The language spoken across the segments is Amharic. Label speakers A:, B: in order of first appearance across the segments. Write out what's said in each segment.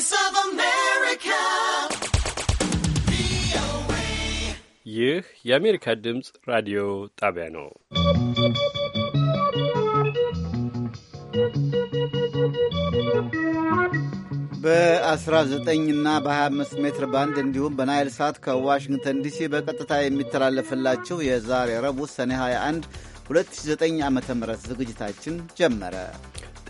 A: Voice of America.
B: ይህ የአሜሪካ ድምፅ ራዲዮ ጣቢያ ነው።
C: በ19 እና በ25 ሜትር ባንድ እንዲሁም በናይል ሳት ከዋሽንግተን ዲሲ በቀጥታ የሚተላለፍላችሁ የዛሬ ረቡዕ ሰኔ 21 2009 ዓ ም ዝግጅታችን ጀመረ።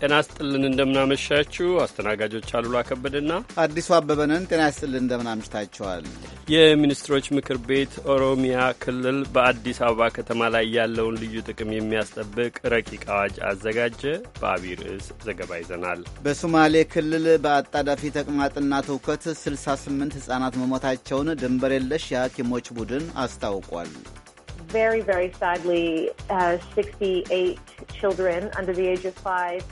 B: ጤና ስጥልን እንደምናመሻችሁ። አስተናጋጆች አሉላ ከበደና
C: አዲሱ አበበንን። ጤና ስጥልን እንደምናምሽታችኋል። የሚኒስትሮች ምክር ቤት
B: ኦሮሚያ ክልል በአዲስ አበባ ከተማ ላይ ያለውን ልዩ ጥቅም የሚያስጠብቅ ረቂቅ አዋጅ አዘጋጀ። በአብይ ርዕስ ዘገባ ይዘናል።
C: በሶማሌ ክልል በአጣዳፊ ተቅማጥና ትውከት 68 ህጻናት መሞታቸውን ድንበር የለሽ የሐኪሞች ቡድን አስታውቋል።
D: very, very sadly, uh, 68 children under the age of five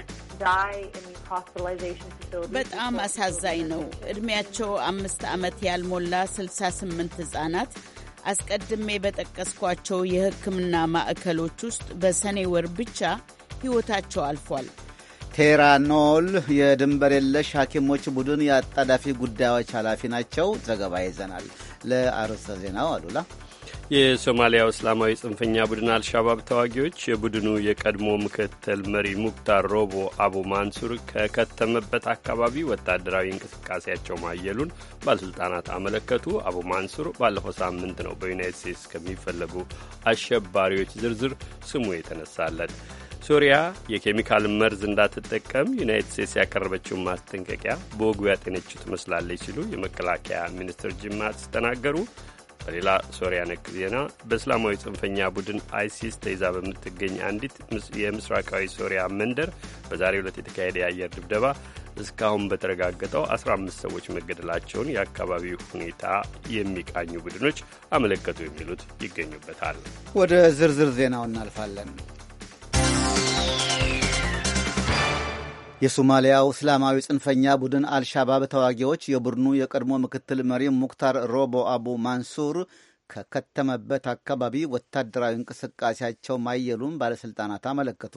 D: die in the hospitalization facility. በጣም አሳዛኝ
E: ነው። እድሜያቸው አምስት ዓመት ያልሞላ 68 ህጻናት አስቀድሜ በጠቀስኳቸው የሕክምና ማዕከሎች ውስጥ በሰኔ ወር ብቻ ሕይወታቸው አልፏል።
C: ቴራኖል የድንበር የለሽ ሐኪሞች ቡድን የአጣዳፊ ጉዳዮች ኃላፊ ናቸው። ዘገባ ይዘናል። ለአርዕስተ ዜናው አሉላ
B: የሶማሊያ እስላማዊ ጽንፈኛ ቡድን አልሻባብ ተዋጊዎች የቡድኑ የቀድሞ ምክትል መሪ ሙክታር ሮቦ አቡ ማንሱር ከከተመበት አካባቢ ወታደራዊ እንቅስቃሴያቸው ማየሉን ባለሥልጣናት አመለከቱ። አቡ ማንሱር ባለፈው ሳምንት ነው በዩናይት ስቴትስ ከሚፈለጉ አሸባሪዎች ዝርዝር ስሙ የተነሳለት። ሶሪያ የኬሚካል መርዝ እንዳትጠቀም ዩናይትድ ስቴትስ ያቀረበችውን ማስጠንቀቂያ በወጉ ያጤነችው ትመስላለች ሲሉ የመከላከያ ሚኒስትር ጅማት ተናገሩ። በሌላ ሶሪያ ነክ ዜና በእስላማዊ ጽንፈኛ ቡድን አይሲስ ተይዛ በምትገኝ አንዲት የምስራቃዊ ሶሪያ መንደር በዛሬው ዕለት የተካሄደ የአየር ድብደባ እስካሁን በተረጋገጠው 15 ሰዎች መገደላቸውን የአካባቢው ሁኔታ የሚቃኙ ቡድኖች አመለከቱ የሚሉት ይገኙበታል።
C: ወደ ዝርዝር ዜናው እናልፋለን። የሶማሊያው እስላማዊ ጽንፈኛ ቡድን አልሻባብ ተዋጊዎች የቡድኑ የቀድሞ ምክትል መሪ ሙክታር ሮቦ አቡ ማንሱር ከከተመበት አካባቢ ወታደራዊ እንቅስቃሴያቸው ማየሉን ባለሥልጣናት አመለከቱ።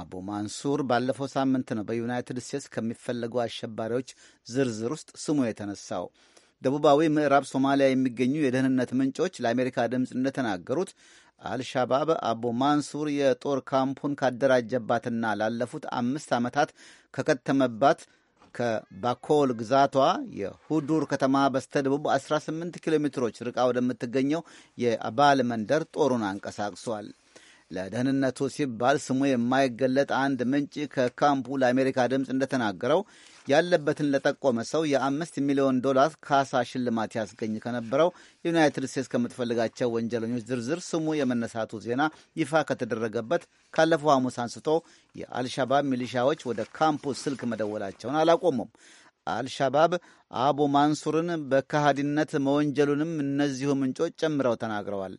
C: አቡ ማንሱር ባለፈው ሳምንት ነው በዩናይትድ ስቴትስ ከሚፈለጉ አሸባሪዎች ዝርዝር ውስጥ ስሙ የተነሳው። ደቡባዊ ምዕራብ ሶማሊያ የሚገኙ የደህንነት ምንጮች ለአሜሪካ ድምፅ እንደተናገሩት አልሻባብ አቡ ማንሱር የጦር ካምፑን ካደራጀባትና ላለፉት አምስት ዓመታት ከከተመባት ከባኮል ግዛቷ የሁዱር ከተማ በስተደቡብ 18 ኪሎ ሜትሮች ርቃ ወደምትገኘው የአባል መንደር ጦሩን አንቀሳቅሷል። ለደህንነቱ ሲባል ስሙ የማይገለጥ አንድ ምንጭ ከካምፑ ለአሜሪካ ድምፅ እንደተናገረው ያለበትን ለጠቆመ ሰው የአምስት ሚሊዮን ዶላር ካሳ ሽልማት ያስገኝ ከነበረው ዩናይትድ ስቴትስ ከምትፈልጋቸው ወንጀለኞች ዝርዝር ስሙ የመነሳቱ ዜና ይፋ ከተደረገበት ካለፈው ሐሙስ አንስቶ የአልሻባብ ሚሊሻዎች ወደ ካምፑ ስልክ መደወላቸውን አላቆሙም። አልሻባብ አቡ ማንሱርን በካሃዲነት መወንጀሉንም እነዚሁ ምንጮች ጨምረው ተናግረዋል።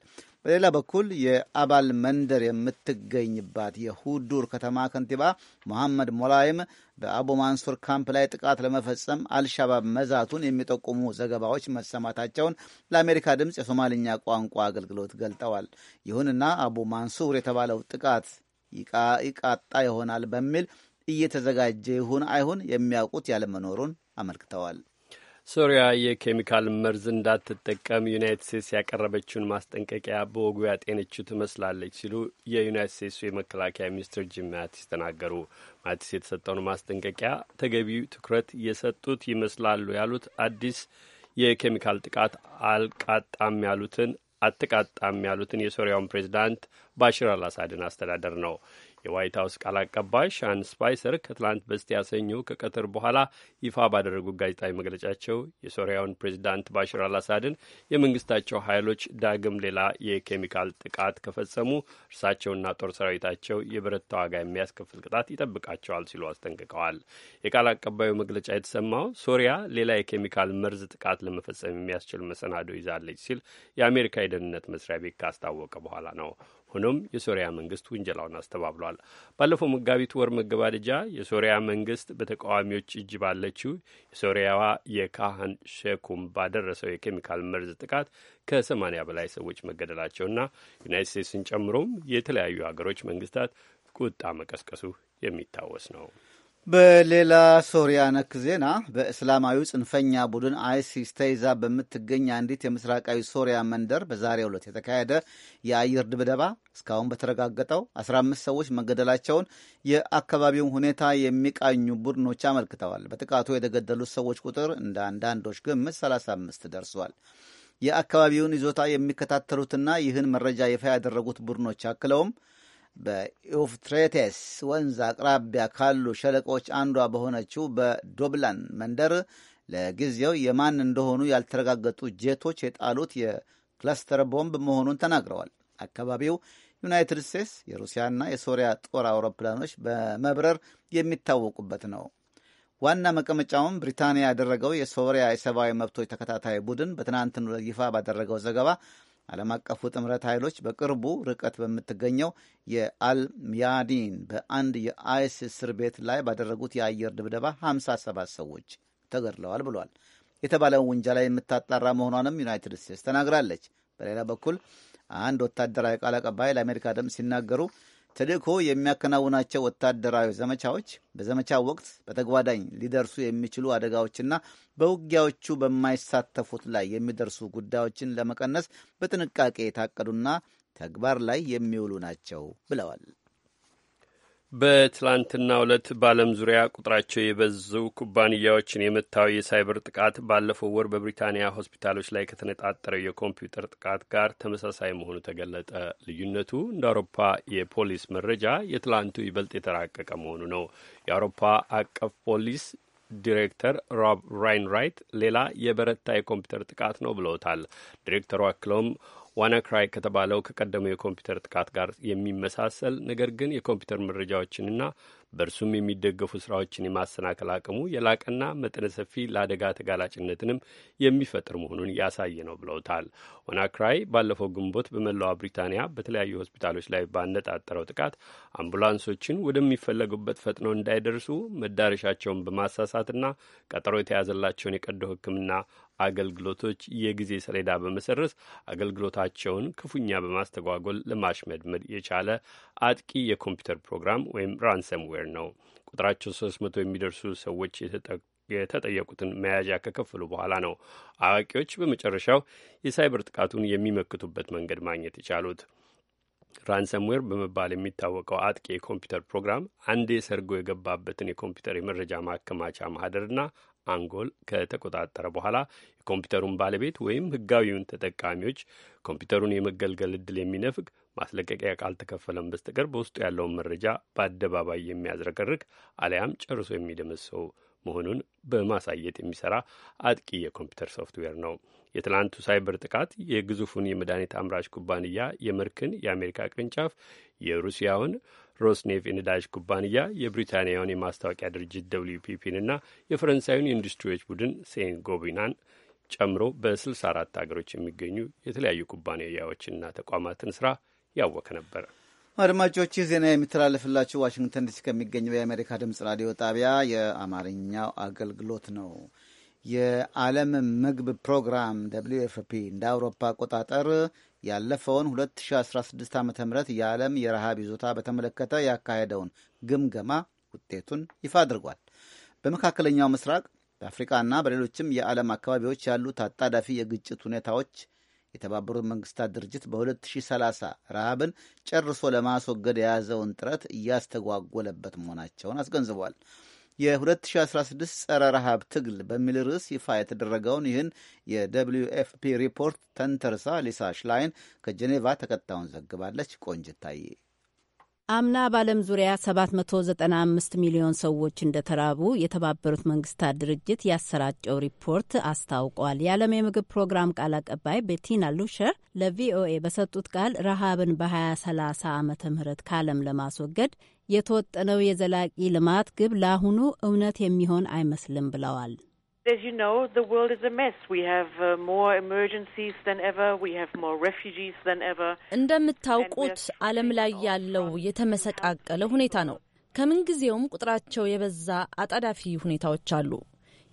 C: በሌላ በኩል የአባል መንደር የምትገኝባት የሁዱር ከተማ ከንቲባ መሐመድ ሞላይም በአቡ ማንሱር ካምፕ ላይ ጥቃት ለመፈጸም አልሻባብ መዛቱን የሚጠቁሙ ዘገባዎች መሰማታቸውን ለአሜሪካ ድምፅ የሶማልኛ ቋንቋ አገልግሎት ገልጠዋል። ይሁንና አቡ ማንሱር የተባለው ጥቃት ይቃጣ ይሆናል በሚል እየተዘጋጀ ይሁን አይሁን የሚያውቁት ያለመኖሩን
B: አመልክተዋል። ሶሪያ የኬሚካል መርዝ እንዳትጠቀም ዩናይትድ ስቴትስ ያቀረበችውን ማስጠንቀቂያ በወጉ ያጤነችው ትመስላለች ሲሉ የዩናይትድ ስቴትሱ የመከላከያ ሚኒስትር ጂም ማቲስ ተናገሩ። ማቲስ የተሰጠውን ማስጠንቀቂያ ተገቢው ትኩረት የሰጡት ይመስላሉ ያሉት አዲስ የኬሚካል ጥቃት አልቃጣም ያሉትን አትቃጣም ያሉትን የሶሪያውን ፕሬዚዳንት ባሽር አልአሳድን አስተዳደር ነው። የዋይት ሀውስ ቃል አቀባይ ሻን ስፓይሰር ከትላንት በስቲያ ሰኞ ከቀትር በኋላ ይፋ ባደረጉት ጋዜጣዊ መግለጫቸው የሶሪያውን ፕሬዚዳንት ባሽር አልአሳድን የመንግስታቸው ኃይሎች ዳግም ሌላ የኬሚካል ጥቃት ከፈጸሙ እርሳቸውና ጦር ሰራዊታቸው የብረት ዋጋ የሚያስከፍል ቅጣት ይጠብቃቸዋል ሲሉ አስጠንቅቀዋል። የቃል አቀባዩ መግለጫ የተሰማው ሶሪያ ሌላ የኬሚካል መርዝ ጥቃት ለመፈጸም የሚያስችል መሰናዶ ይዛለች ሲል የአሜሪካ የደህንነት መስሪያ ቤት ካስታወቀ በኋላ ነው። ሆኖም የሶሪያ መንግስት ውንጀላውን አስተባብሏል። ባለፈው መጋቢት ወር መገባደጃ የሶሪያ መንግስት በተቃዋሚዎች እጅ ባለችው የሶሪያዋ የካህን ሼኩም ባደረሰው የኬሚካል መርዝ ጥቃት ከሰማንያ በላይ ሰዎች መገደላቸውና ዩናይት ስቴትስን ጨምሮም የተለያዩ ሀገሮች መንግስታት ቁጣ መቀስቀሱ የሚታወስ ነው።
C: በሌላ ሶሪያ ነክ ዜና በእስላማዊው ጽንፈኛ ቡድን አይሲስ ተይዛ በምትገኝ አንዲት የምስራቃዊ ሶሪያ መንደር በዛሬው ዕለት የተካሄደ የአየር ድብደባ እስካሁን በተረጋገጠው 15 ሰዎች መገደላቸውን የአካባቢውን ሁኔታ የሚቃኙ ቡድኖች አመልክተዋል። በጥቃቱ የተገደሉት ሰዎች ቁጥር እንደ አንዳንዶች ግምት 35 ደርሷል። የአካባቢውን ይዞታ የሚከታተሉትና ይህን መረጃ ይፋ ያደረጉት ቡድኖች አክለውም በኢውፍትሬቴስ ወንዝ አቅራቢያ ካሉ ሸለቆች አንዷ በሆነችው በዶብላን መንደር ለጊዜው የማን እንደሆኑ ያልተረጋገጡ ጄቶች የጣሉት የክለስተር ቦምብ መሆኑን ተናግረዋል። አካባቢው ዩናይትድ ስቴትስ የሩሲያና የሶሪያ ጦር አውሮፕላኖች በመብረር የሚታወቁበት ነው። ዋና መቀመጫውን ብሪታንያ ያደረገው የሶሪያ የሰብአዊ መብቶች ተከታታይ ቡድን በትናንትናው ይፋ ባደረገው ዘገባ ዓለም አቀፉ ጥምረት ኃይሎች በቅርቡ ርቀት በምትገኘው የአልሚያዲን በአንድ የአይስ እስር ቤት ላይ ባደረጉት የአየር ድብደባ 57 ሰዎች ተገድለዋል ብሏል። የተባለውን ላይ የምታጣራ መሆኗንም ዩናይትድ ስቴትስ ተናግራለች። በሌላ በኩል አንድ ወታደራዊ ቃል አቀባይ ለአሜሪካ ድምፅ ሲናገሩ ተልእኮ የሚያከናውናቸው ወታደራዊ ዘመቻዎች በዘመቻው ወቅት በተጓዳኝ ሊደርሱ የሚችሉ አደጋዎችና በውጊያዎቹ በማይሳተፉት ላይ የሚደርሱ ጉዳዮችን ለመቀነስ በጥንቃቄ የታቀዱና ተግባር ላይ የሚውሉ ናቸው ብለዋል።
B: በትላንትና ዕለት በዓለም ዙሪያ ቁጥራቸው የበዙ ኩባንያዎችን የመታው የሳይበር ጥቃት ባለፈው ወር በብሪታንያ ሆስፒታሎች ላይ ከተነጣጠረው የኮምፒውተር ጥቃት ጋር ተመሳሳይ መሆኑ ተገለጠ። ልዩነቱ እንደ አውሮፓ የፖሊስ መረጃ የትላንቱ ይበልጥ የተራቀቀ መሆኑ ነው። የአውሮፓ አቀፍ ፖሊስ ዲሬክተር ሮብ ራይንራይት ሌላ የበረታ የኮምፒውተር ጥቃት ነው ብለውታል። ዲሬክተሩ አክለውም ክራይ ከተባለው ከቀደመው የኮምፒውተር ጥቃት ጋር የሚመሳሰል ነገር ግን የኮምፒውተር መረጃዎችንና በእርሱም የሚደገፉ ስራዎችን የማሰናከል አቅሙ የላቀና መጠነ ሰፊ ለአደጋ ተጋላጭነትንም የሚፈጥር መሆኑን ያሳየ ነው ብለውታል። ክራይ ባለፈው ግንቦት በመላዋ ብሪታንያ በተለያዩ ሆስፒታሎች ላይ ባነጣጠረው ጥቃት አምቡላንሶችን ወደሚፈለጉበት ፈጥነው እንዳይደርሱ መዳረሻቸውን በማሳሳትና ቀጠሮ የተያዘላቸውን የቀዶ ሕክምና አገልግሎቶች የጊዜ ሰሌዳ በመሰረስ አገልግሎታቸውን ክፉኛ በማስተጓጎል ለማሽመድመድ የቻለ አጥቂ የኮምፒውተር ፕሮግራም ወይም ራንሰምዌር ነው። ቁጥራቸው 300 መቶ የሚደርሱ ሰዎች የተጠየቁትን መያዣ ከከፈሉ በኋላ ነው አዋቂዎች በመጨረሻው የሳይበር ጥቃቱን የሚመክቱበት መንገድ ማግኘት የቻሉት። ራንሰምዌር በመባል የሚታወቀው አጥቂ የኮምፒውተር ፕሮግራም አንዴ ሰርጎ የገባበትን የኮምፒውተር የመረጃ ማከማቻ ማህደርና አንጎል ከተቆጣጠረ በኋላ የኮምፒውተሩን ባለቤት ወይም ህጋዊውን ተጠቃሚዎች ኮምፒውተሩን የመገልገል እድል የሚነፍግ ማስለቀቂያ ካልተከፈለም በስተቀር በውስጡ ያለውን መረጃ በአደባባይ የሚያዝረቀርቅ አሊያም ጨርሶ የሚደመሰው መሆኑን በማሳየት የሚሰራ አጥቂ የኮምፒውተር ሶፍትዌር ነው። የትላንቱ ሳይበር ጥቃት የግዙፉን የመድኃኒት አምራች ኩባንያ የመርክን የአሜሪካ ቅርንጫፍ፣ የሩሲያውን ሮስኔቭ የነዳጅ ኩባንያ የብሪታንያውን የማስታወቂያ ድርጅት ደብልዩ ፒፒንና የፈረንሳዩን የኢንዱስትሪዎች ቡድን ሴን ጎቢናን ጨምሮ በ64 ሀገሮች የሚገኙ የተለያዩ ኩባንያዎችና ተቋማትን ስራ ያወከ ነበር።
C: አድማጮች ይህ ዜና የሚተላለፍላችሁ ዋሽንግተን ዲሲ ከሚገኘው የአሜሪካ ድምጽ ራዲዮ ጣቢያ የአማርኛው አገልግሎት ነው። የዓለም ምግብ ፕሮግራም ደብሊዩ ኤፍ ፒ እንደ አውሮፓ አቆጣጠር ያለፈውን 2016 ዓ ም የዓለም የረሃብ ይዞታ በተመለከተ ያካሄደውን ግምገማ ውጤቱን ይፋ አድርጓል። በመካከለኛው ምስራቅ በአፍሪቃና በሌሎችም የዓለም አካባቢዎች ያሉት አጣዳፊ የግጭት ሁኔታዎች የተባበሩት መንግስታት ድርጅት በ2030 ረሃብን ጨርሶ ለማስወገድ የያዘውን ጥረት እያስተጓጎለበት መሆናቸውን አስገንዝቧል። የ2016 ጸረ ረሃብ ትግል በሚል ርዕስ ይፋ የተደረገውን ይህን የደብሊዩ ኤፍፒ ሪፖርት ተንተርሳ ሊሳ ሽላይን ከጄኔቫ ተከታዩን ዘግባለች። ቆንጅታዬ
F: አምና በዓለም ዙሪያ 795 ሚሊዮን ሰዎች እንደተራቡ የተባበሩት መንግስታት ድርጅት ያሰራጨው ሪፖርት አስታውቋል። የዓለም የምግብ ፕሮግራም ቃል አቀባይ ቤቲና ሉሸር ለቪኦኤ በሰጡት ቃል ረሃብን በ2030 ዓመተ ምህረት ከዓለም ለማስወገድ የተወጠነው የዘላቂ ልማት ግብ ለአሁኑ እውነት የሚሆን አይመስልም ብለዋል።
E: As you know, the world is a mess. We have uh, more emergencies than ever. We have more refugees than ever.
D: እንደምታውቁት ዓለም ላይ ያለው የተመሰቃቀለ ሁኔታ ነው። ከምንጊዜውም ቁጥራቸው የበዛ አጣዳፊ ሁኔታዎች አሉ።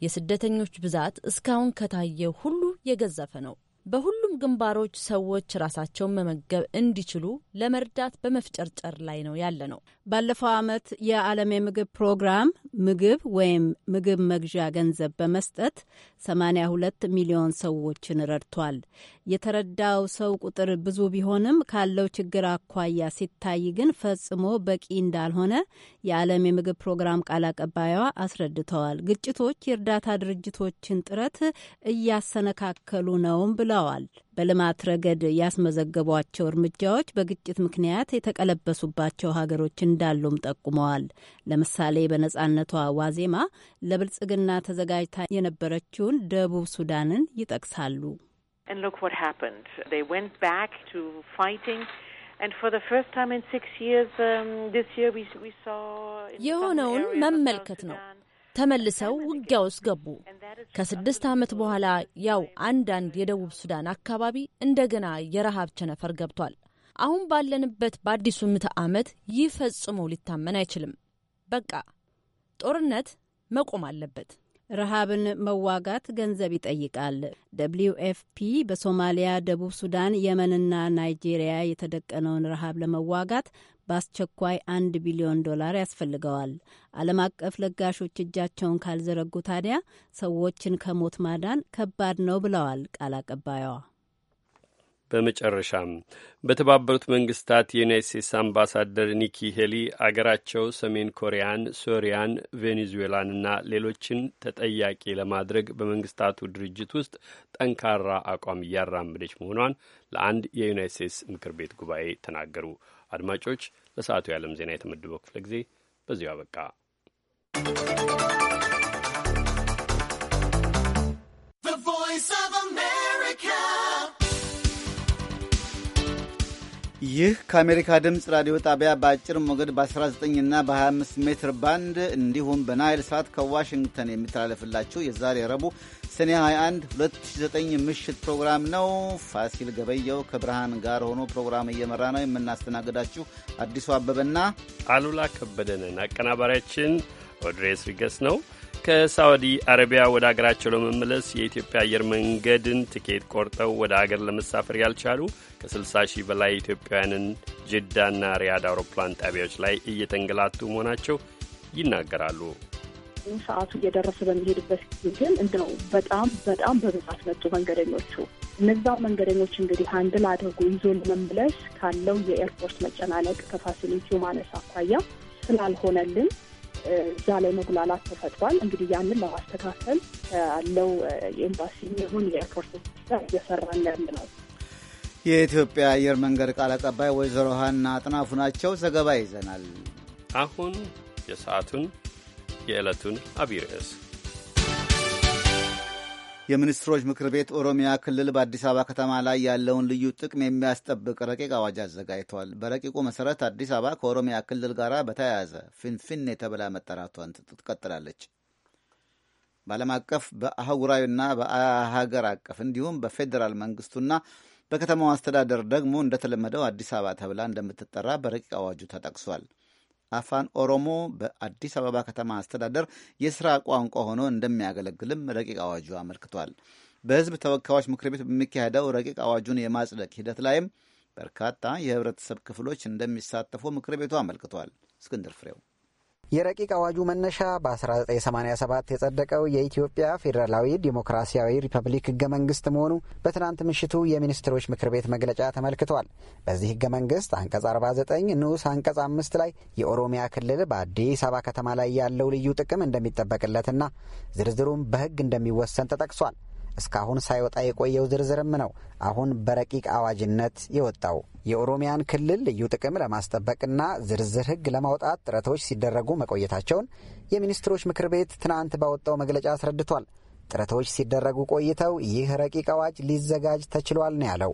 D: የስደተኞች ብዛት እስካሁን ከታየ ሁሉ የገዘፈ ነው። በሁሉም ግንባሮች ሰዎች ራሳቸውን መመገብ እንዲችሉ ለመርዳት በመፍጨርጨር ላይ ነው ያለ ነው። ባለፈው
F: ዓመት የዓለም የምግብ ፕሮግራም ምግብ ወይም ምግብ መግዣ ገንዘብ በመስጠት 82 ሚሊዮን ሰዎችን ረድቷል። የተረዳው ሰው ቁጥር ብዙ ቢሆንም ካለው ችግር አኳያ ሲታይ ግን ፈጽሞ በቂ እንዳልሆነ የዓለም የምግብ ፕሮግራም ቃል አቀባይዋ አስረድተዋል። ግጭቶች የእርዳታ ድርጅቶችን ጥረት እያሰነካከሉ ነውም ብለዋል። ብለዋል። በልማት ረገድ ያስመዘገቧቸው እርምጃዎች በግጭት ምክንያት የተቀለበሱባቸው ሀገሮች እንዳሉም ጠቁመዋል። ለምሳሌ በነጻነቷ ዋዜማ ለብልጽግና ተዘጋጅታ የነበረችውን ደቡብ ሱዳንን ይጠቅሳሉ።
G: um,
D: የሆነውን መመልከት ነው። ተመልሰው ውጊያ ውስጥ ገቡ። ከስድስት ዓመት በኋላ ያው አንዳንድ የደቡብ ሱዳን አካባቢ እንደገና የረሃብ ቸነፈር ገብቷል። አሁን ባለንበት በአዲሱ ምዕተ ዓመት ይህ ፈጽሞ ሊታመን አይችልም። በቃ ጦርነት መቆም አለበት። ረሃብን
F: መዋጋት ገንዘብ ይጠይቃል። ደብሊው ኤፍፒ በሶማሊያ፣ ደቡብ ሱዳን፣ የመንና ናይጄሪያ የተደቀነውን ረሃብ ለመዋጋት በአስቸኳይ አንድ ቢሊዮን ዶላር ያስፈልገዋል። ዓለም አቀፍ ለጋሾች እጃቸውን ካልዘረጉ ታዲያ ሰዎችን ከሞት ማዳን ከባድ ነው ብለዋል ቃል አቀባዩዋ።
B: በመጨረሻም በተባበሩት መንግስታት የዩናይት ስቴትስ አምባሳደር ኒኪ ሄሊ አገራቸው ሰሜን ኮሪያን፣ ሶሪያን፣ ቬኔዙዌላንና ሌሎችን ተጠያቂ ለማድረግ በመንግስታቱ ድርጅት ውስጥ ጠንካራ አቋም እያራመደች መሆኗን ለአንድ የዩናይት ስቴትስ ምክር ቤት ጉባኤ ተናገሩ። አድማጮች፣ ለሰዓቱ የዓለም ዜና የተመደበው ክፍለ ጊዜ በዚሁ አበቃ።
C: ይህ ከአሜሪካ ድምፅ ራዲዮ ጣቢያ በአጭር ሞገድ በ19 እና በ25 ሜትር ባንድ እንዲሁም በናይል ሰዓት ከዋሽንግተን የሚተላለፍላችሁ የዛሬ ረቡዕ ሰኔ 21 2009 ምሽት ፕሮግራም ነው። ፋሲል ገበየው ከብርሃን ጋር ሆኖ ፕሮግራም እየመራ ነው። የምናስተናግዳችሁ አዲሱ አበበና አሉላ
B: ከበደንን አቀናባሪያችን ኦድሬስ ሪገስ ነው። ከሳዑዲ አረቢያ ወደ አገራቸው ለመመለስ የኢትዮጵያ አየር መንገድን ትኬት ቆርጠው ወደ አገር ለመሳፈር ያልቻሉ ከ60 ሺህ በላይ ኢትዮጵያውያንን ጅዳና ሪያድ አውሮፕላን ጣቢያዎች ላይ እየተንገላቱ መሆናቸው ይናገራሉ።
G: ሰዓቱ እየደረሰ በሚሄድበት ጊዜ ግን እንደው በጣም በጣም በብዛት መጡ መንገደኞቹ። እነዛ መንገደኞች እንግዲህ ሀንድል አድርጎ ይዞ ለመመለስ ካለው የኤርፖርት መጨናነቅ ከፋሲሊቲው ማነስ አኳያ ስላልሆነልን እዛ ላይ መጉላላት ተፈጥሯል። እንግዲህ ያንን ለማስተካከል ያለው የኤምባሲ የሚሆን የኤርፖርት እየሰራን ያለ ነው።
C: የኢትዮጵያ አየር መንገድ ቃል አቀባይ ወይዘሮ ሀና አጥናፉ ናቸው። ዘገባ ይዘናል።
B: አሁን የሰዓቱን የዕለቱን አብይ ርዕስ
C: የሚኒስትሮች ምክር ቤት ኦሮሚያ ክልል በአዲስ አበባ ከተማ ላይ ያለውን ልዩ ጥቅም የሚያስጠብቅ ረቂቅ አዋጅ አዘጋጅተዋል። በረቂቁ መሰረት አዲስ አበባ ከኦሮሚያ ክልል ጋር በተያያዘ ፍንፍኔ ተብላ መጠራቷን ትቀጥላለች። በዓለም አቀፍ በአህጉራዊና በሀገር አቀፍ እንዲሁም በፌዴራል መንግስቱና በከተማው አስተዳደር ደግሞ እንደተለመደው አዲስ አበባ ተብላ እንደምትጠራ በረቂቅ አዋጁ ተጠቅሷል። አፋን ኦሮሞ በአዲስ አበባ ከተማ አስተዳደር የስራ ቋንቋ ሆኖ እንደሚያገለግልም ረቂቅ አዋጁ አመልክቷል። በህዝብ ተወካዮች ምክር ቤት በሚካሄደው ረቂቅ አዋጁን የማጽደቅ ሂደት ላይም በርካታ የህብረተሰብ ክፍሎች እንደሚሳተፉ ምክር ቤቱ አመልክቷል። እስክንድር ፍሬው
H: የረቂቅ አዋጁ መነሻ በ1987 የጸደቀው የኢትዮጵያ ፌዴራላዊ ዴሞክራሲያዊ ሪፐብሊክ ህገ መንግስት መሆኑ በትናንት ምሽቱ የሚኒስትሮች ምክር ቤት መግለጫ ተመልክቷል። በዚህ ህገ መንግስት አንቀጽ 49 ንዑስ አንቀጽ 5 ላይ የኦሮሚያ ክልል በአዲስ አበባ ከተማ ላይ ያለው ልዩ ጥቅም እንደሚጠበቅለትና ዝርዝሩም በህግ እንደሚወሰን ተጠቅሷል። እስካሁን ሳይወጣ የቆየው ዝርዝርም ነው አሁን በረቂቅ አዋጅነት የወጣው። የኦሮሚያን ክልል ልዩ ጥቅም ለማስጠበቅና ዝርዝር ሕግ ለማውጣት ጥረቶች ሲደረጉ መቆየታቸውን የሚኒስትሮች ምክር ቤት ትናንት ባወጣው መግለጫ አስረድቷል። ጥረቶች ሲደረጉ ቆይተው ይህ ረቂቅ አዋጅ ሊዘጋጅ ተችሏል ነው ያለው።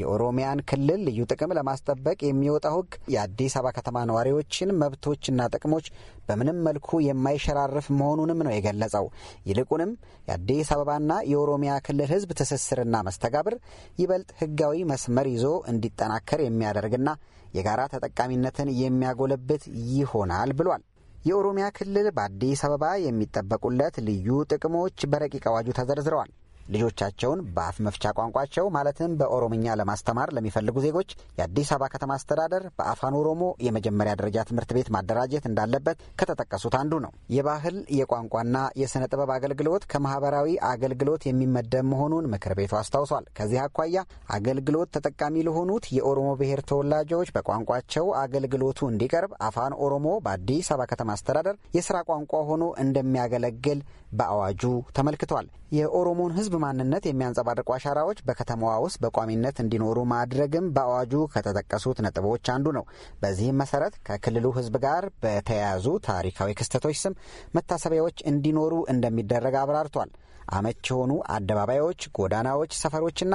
H: የኦሮሚያን ክልል ልዩ ጥቅም ለማስጠበቅ የሚወጣው ሕግ የአዲስ አበባ ከተማ ነዋሪዎችን መብቶችና ጥቅሞች በምንም መልኩ የማይሸራርፍ መሆኑንም ነው የገለጸው። ይልቁንም የአዲስ አበባና የኦሮሚያ ክልል ሕዝብ ትስስርና መስተጋብር ይበልጥ ሕጋዊ መስመር ይዞ እንዲጠናከር የሚያደርግና የጋራ ተጠቃሚነትን የሚያጎለብት ይሆናል ብሏል። የኦሮሚያ ክልል በአዲስ አበባ የሚጠበቁለት ልዩ ጥቅሞች በረቂቅ አዋጁ ተዘርዝረዋል። ልጆቻቸውን በአፍ መፍቻ ቋንቋቸው ማለትም በኦሮምኛ ለማስተማር ለሚፈልጉ ዜጎች የአዲስ አበባ ከተማ አስተዳደር በአፋን ኦሮሞ የመጀመሪያ ደረጃ ትምህርት ቤት ማደራጀት እንዳለበት ከተጠቀሱት አንዱ ነው። የባህል የቋንቋና የሥነ ጥበብ አገልግሎት ከማህበራዊ አገልግሎት የሚመደብ መሆኑን ምክር ቤቱ አስታውሷል። ከዚህ አኳያ አገልግሎት ተጠቃሚ ለሆኑት የኦሮሞ ብሔር ተወላጆች በቋንቋቸው አገልግሎቱ እንዲቀርብ አፋን ኦሮሞ በአዲስ አበባ ከተማ አስተዳደር የስራ ቋንቋ ሆኖ እንደሚያገለግል በአዋጁ ተመልክቷል። የኦሮሞን ህዝብ ማንነት የሚያንጸባርቁ አሻራዎች በከተማዋ ውስጥ በቋሚነት እንዲኖሩ ማድረግም በአዋጁ ከተጠቀሱት ነጥቦች አንዱ ነው። በዚህም መሰረት ከክልሉ ሕዝብ ጋር በተያያዙ ታሪካዊ ክስተቶች ስም መታሰቢያዎች እንዲኖሩ እንደሚደረግ አብራርቷል። አመች የሆኑ አደባባዮች፣ ጎዳናዎች፣ ሰፈሮችና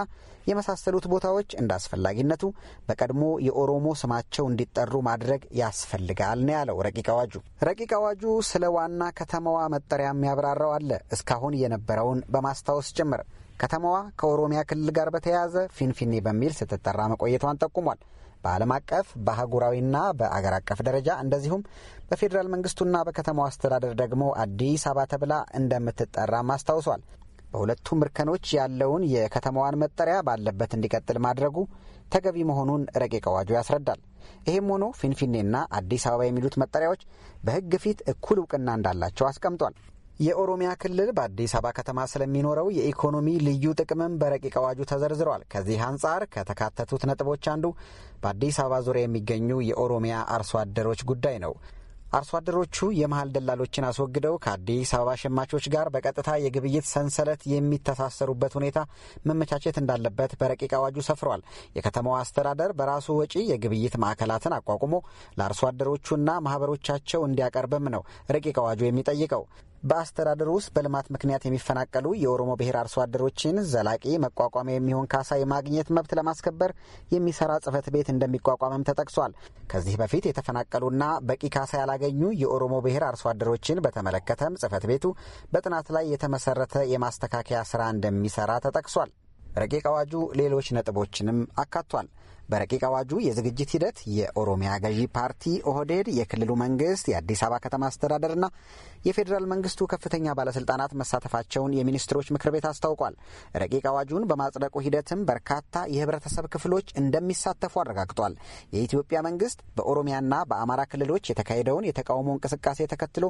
H: የመሳሰሉት ቦታዎች እንደ አስፈላጊነቱ በቀድሞ የኦሮሞ ስማቸው እንዲጠሩ ማድረግ ያስፈልጋል ነው ያለው ረቂቅ አዋጁ። ረቂቅ አዋጁ ስለ ዋና ከተማዋ መጠሪያ የሚያብራራው አለ እስካሁን የነበረውን በማስታወስ ጭምር ከተማዋ ከኦሮሚያ ክልል ጋር በተያያዘ ፊንፊኔ በሚል ስትጠራ መቆየቷን ጠቁሟል። በዓለም አቀፍ በአህጉራዊና በአገር አቀፍ ደረጃ እንደዚሁም በፌዴራል መንግስቱና በከተማው አስተዳደር ደግሞ አዲስ አበባ ተብላ እንደምትጠራም አስታውሷል። በሁለቱም እርከኖች ያለውን የከተማዋን መጠሪያ ባለበት እንዲቀጥል ማድረጉ ተገቢ መሆኑን ረቂቅ አዋጁ ያስረዳል። ይህም ሆኖ ፊንፊኔና አዲስ አበባ የሚሉት መጠሪያዎች በሕግ ፊት እኩል እውቅና እንዳላቸው አስቀምጧል። የኦሮሚያ ክልል በአዲስ አበባ ከተማ ስለሚኖረው የኢኮኖሚ ልዩ ጥቅምም በረቂቅ አዋጁ ተዘርዝሯል። ከዚህ አንጻር ከተካተቱት ነጥቦች አንዱ በአዲስ አበባ ዙሪያ የሚገኙ የኦሮሚያ አርሶ አደሮች ጉዳይ ነው። አርሶ አደሮቹ የመሀል ደላሎችን አስወግደው ከአዲስ አበባ ሸማቾች ጋር በቀጥታ የግብይት ሰንሰለት የሚተሳሰሩበት ሁኔታ መመቻቸት እንዳለበት በረቂቅ አዋጁ ሰፍሯል። የከተማው አስተዳደር በራሱ ወጪ የግብይት ማዕከላትን አቋቁሞ ለአርሶ አደሮቹና ማህበሮቻቸው እንዲያቀርብም ነው ረቂቅ አዋጁ የሚጠይቀው። በአስተዳደሩ ውስጥ በልማት ምክንያት የሚፈናቀሉ የኦሮሞ ብሔር አርሶ አደሮችን ዘላቂ መቋቋሚያ የሚሆን ካሳ የማግኘት መብት ለማስከበር የሚሰራ ጽህፈት ቤት እንደሚቋቋምም ተጠቅሷል። ከዚህ በፊት የተፈናቀሉና በቂ ካሳ ያላገኙ የኦሮሞ ብሔር አርሶ አደሮችን በተመለከተም ጽህፈት ቤቱ በጥናት ላይ የተመሰረተ የማስተካከያ ስራ እንደሚሰራ ተጠቅሷል። ረቂቅ አዋጁ ሌሎች ነጥቦችንም አካቷል። በረቂቅ አዋጁ የዝግጅት ሂደት የኦሮሚያ ገዢ ፓርቲ ኦህዴድ፣ የክልሉ መንግስት፣ የአዲስ አበባ ከተማ አስተዳደር እና የፌዴራል መንግስቱ ከፍተኛ ባለስልጣናት መሳተፋቸውን የሚኒስትሮች ምክር ቤት አስታውቋል። ረቂቅ አዋጁን በማጽደቁ ሂደትም በርካታ የህብረተሰብ ክፍሎች እንደሚሳተፉ አረጋግጧል። የኢትዮጵያ መንግስት በኦሮሚያና በአማራ ክልሎች የተካሄደውን የተቃውሞ እንቅስቃሴ ተከትሎ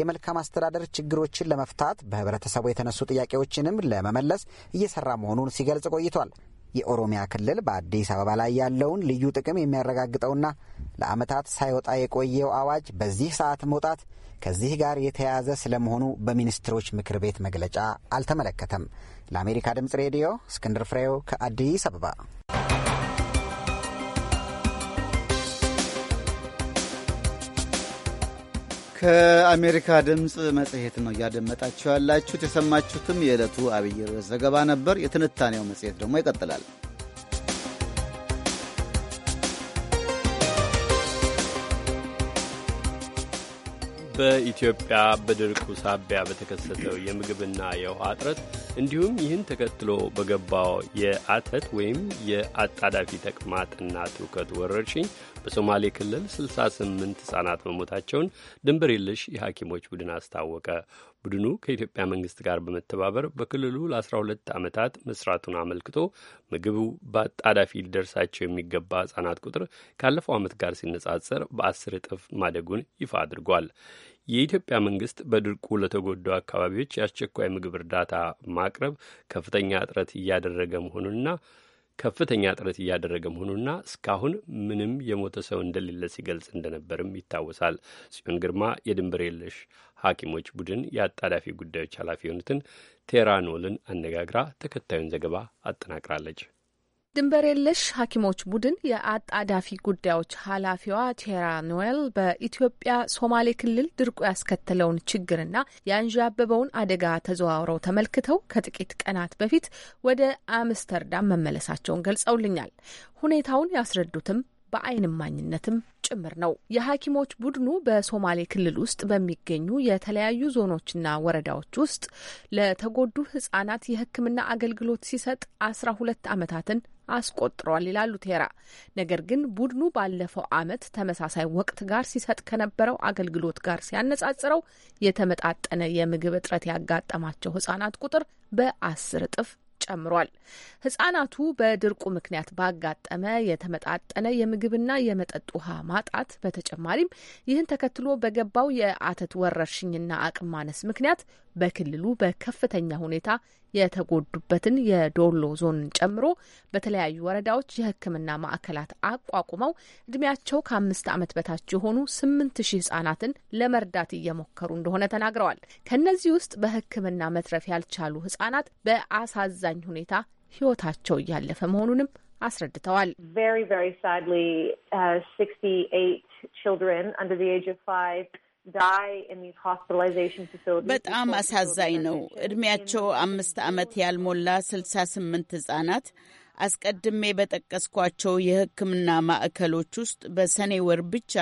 H: የመልካም አስተዳደር ችግሮችን ለመፍታት በህብረተሰቡ የተነሱ ጥያቄዎችንም ለመመለስ እየሰራ መሆኑን ሲገልጽ ቆይቷል። የኦሮሚያ ክልል በአዲስ አበባ ላይ ያለውን ልዩ ጥቅም የሚያረጋግጠውና ለዓመታት ሳይወጣ የቆየው አዋጅ በዚህ ሰዓት መውጣት ከዚህ ጋር የተያያዘ ስለመሆኑ በሚኒስትሮች ምክር ቤት መግለጫ አልተመለከተም። ለአሜሪካ ድምፅ ሬዲዮ እስክንድር ፍሬው ከአዲስ አበባ
C: ከአሜሪካ ድምፅ መጽሔት ነው እያደመጣችሁ ያላችሁት። የሰማችሁትም የዕለቱ አብይ ርዕስ ዘገባ ነበር። የትንታኔው መጽሔት ደግሞ ይቀጥላል።
B: በኢትዮጵያ በድርቁ ሳቢያ በተከሰተው የምግብና የውሃ እጥረት እንዲሁም ይህን ተከትሎ በገባው የአተት ወይም የአጣዳፊ ተቅማጥና ትውከት ወረርሽኝ በሶማሌ ክልል 68 ህጻናት መሞታቸውን ድንበር የለሽ የሐኪሞች ቡድን አስታወቀ። ቡድኑ ከኢትዮጵያ መንግስት ጋር በመተባበር በክልሉ ለ12 ዓመታት መስራቱን አመልክቶ ምግቡ በአጣዳፊ ሊደርሳቸው የሚገባ ህጻናት ቁጥር ካለፈው ዓመት ጋር ሲነጻጸር በአስር እጥፍ ማደጉን ይፋ አድርጓል። የኢትዮጵያ መንግስት በድርቁ ለተጎዱ አካባቢዎች የአስቸኳይ ምግብ እርዳታ ማቅረብ ከፍተኛ ጥረት እያደረገ መሆኑንና ከፍተኛ ጥረት እያደረገ መሆኑና እስካሁን ምንም የሞተ ሰው እንደሌለ ሲገልጽ እንደነበርም ይታወሳል። ጽዮን ግርማ የድንበር የለሽ ሐኪሞች ቡድን የአጣዳፊ ጉዳዮች ኃላፊ የሆኑትን ቴራኖልን አነጋግራ ተከታዩን ዘገባ አጠናቅራለች።
I: ድንበር የለሽ ሐኪሞች ቡድን የአጣዳፊ ጉዳዮች ኃላፊዋ ቴራ ኖዌል በኢትዮጵያ ሶማሌ ክልል ድርቁ ያስከተለውን ችግርና የአንዣበበውን አደጋ ተዘዋውረው ተመልክተው ከጥቂት ቀናት በፊት ወደ አምስተርዳም መመለሳቸውን ገልጸውልኛል። ሁኔታውን ያስረዱትም በአይን ማኝነትም ጭምር ነው። የሐኪሞች ቡድኑ በሶማሌ ክልል ውስጥ በሚገኙ የተለያዩ ዞኖችና ወረዳዎች ውስጥ ለተጎዱ ህጻናት የህክምና አገልግሎት ሲሰጥ አስራ ሁለት ዓመታትን አስቆጥረዋል ይላሉ ቴራ። ነገር ግን ቡድኑ ባለፈው ዓመት ተመሳሳይ ወቅት ጋር ሲሰጥ ከነበረው አገልግሎት ጋር ሲያነጻጽረው የተመጣጠነ የምግብ እጥረት ያጋጠማቸው ህጻናት ቁጥር በአስር እጥፍ ጨምሯል። ህጻናቱ በድርቁ ምክንያት ባጋጠመ የተመጣጠነ የምግብና የመጠጥ ውሃ ማጣት፣ በተጨማሪም ይህን ተከትሎ በገባው የአተት ወረርሽኝና አቅም ማነስ ምክንያት በክልሉ በከፍተኛ ሁኔታ የተጎዱበትን የዶሎ ዞንን ጨምሮ በተለያዩ ወረዳዎች የሕክምና ማዕከላት አቋቁመው እድሜያቸው ከአምስት ዓመት በታች የሆኑ ስምንት ሺህ ህጻናትን ለመርዳት እየሞከሩ እንደሆነ ተናግረዋል። ከእነዚህ ውስጥ በሕክምና መትረፍ ያልቻሉ ህጻናት በአሳዛኝ ሁኔታ ህይወታቸው እያለፈ መሆኑንም አስረድተዋል።
D: ቨሪ ቨሪ ሳድሊ ሲክስቲ ኤይት ችልድረን አንደር ዘ ኤጅ ኦፍ ፋይቭ
E: በጣም አሳዛኝ ነው። እድሜያቸው አምስት ዓመት ያልሞላ ስልሳ ስምንት ህጻናት አስቀድሜ በጠቀስኳቸው የሕክምና ማዕከሎች ውስጥ በሰኔ ወር ብቻ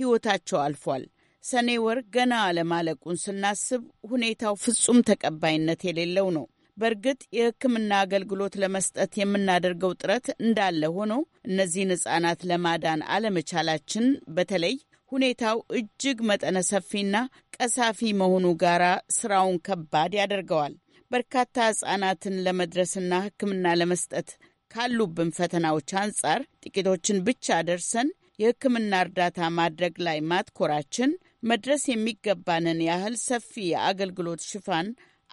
E: ሕይወታቸው አልፏል። ሰኔ ወር ገና አለማለቁን ስናስብ ሁኔታው ፍጹም ተቀባይነት የሌለው ነው። በእርግጥ የሕክምና አገልግሎት ለመስጠት የምናደርገው ጥረት እንዳለ ሆኖ እነዚህን ህጻናት ለማዳን አለመቻላችን በተለይ ሁኔታው እጅግ መጠነ ሰፊና ቀሳፊ መሆኑ ጋራ ስራውን ከባድ ያደርገዋል። በርካታ ህጻናትን ለመድረስና ሕክምና ለመስጠት ካሉብን ፈተናዎች አንጻር ጥቂቶችን ብቻ ደርሰን የሕክምና እርዳታ ማድረግ ላይ ማትኮራችን መድረስ የሚገባንን ያህል ሰፊ የአገልግሎት ሽፋን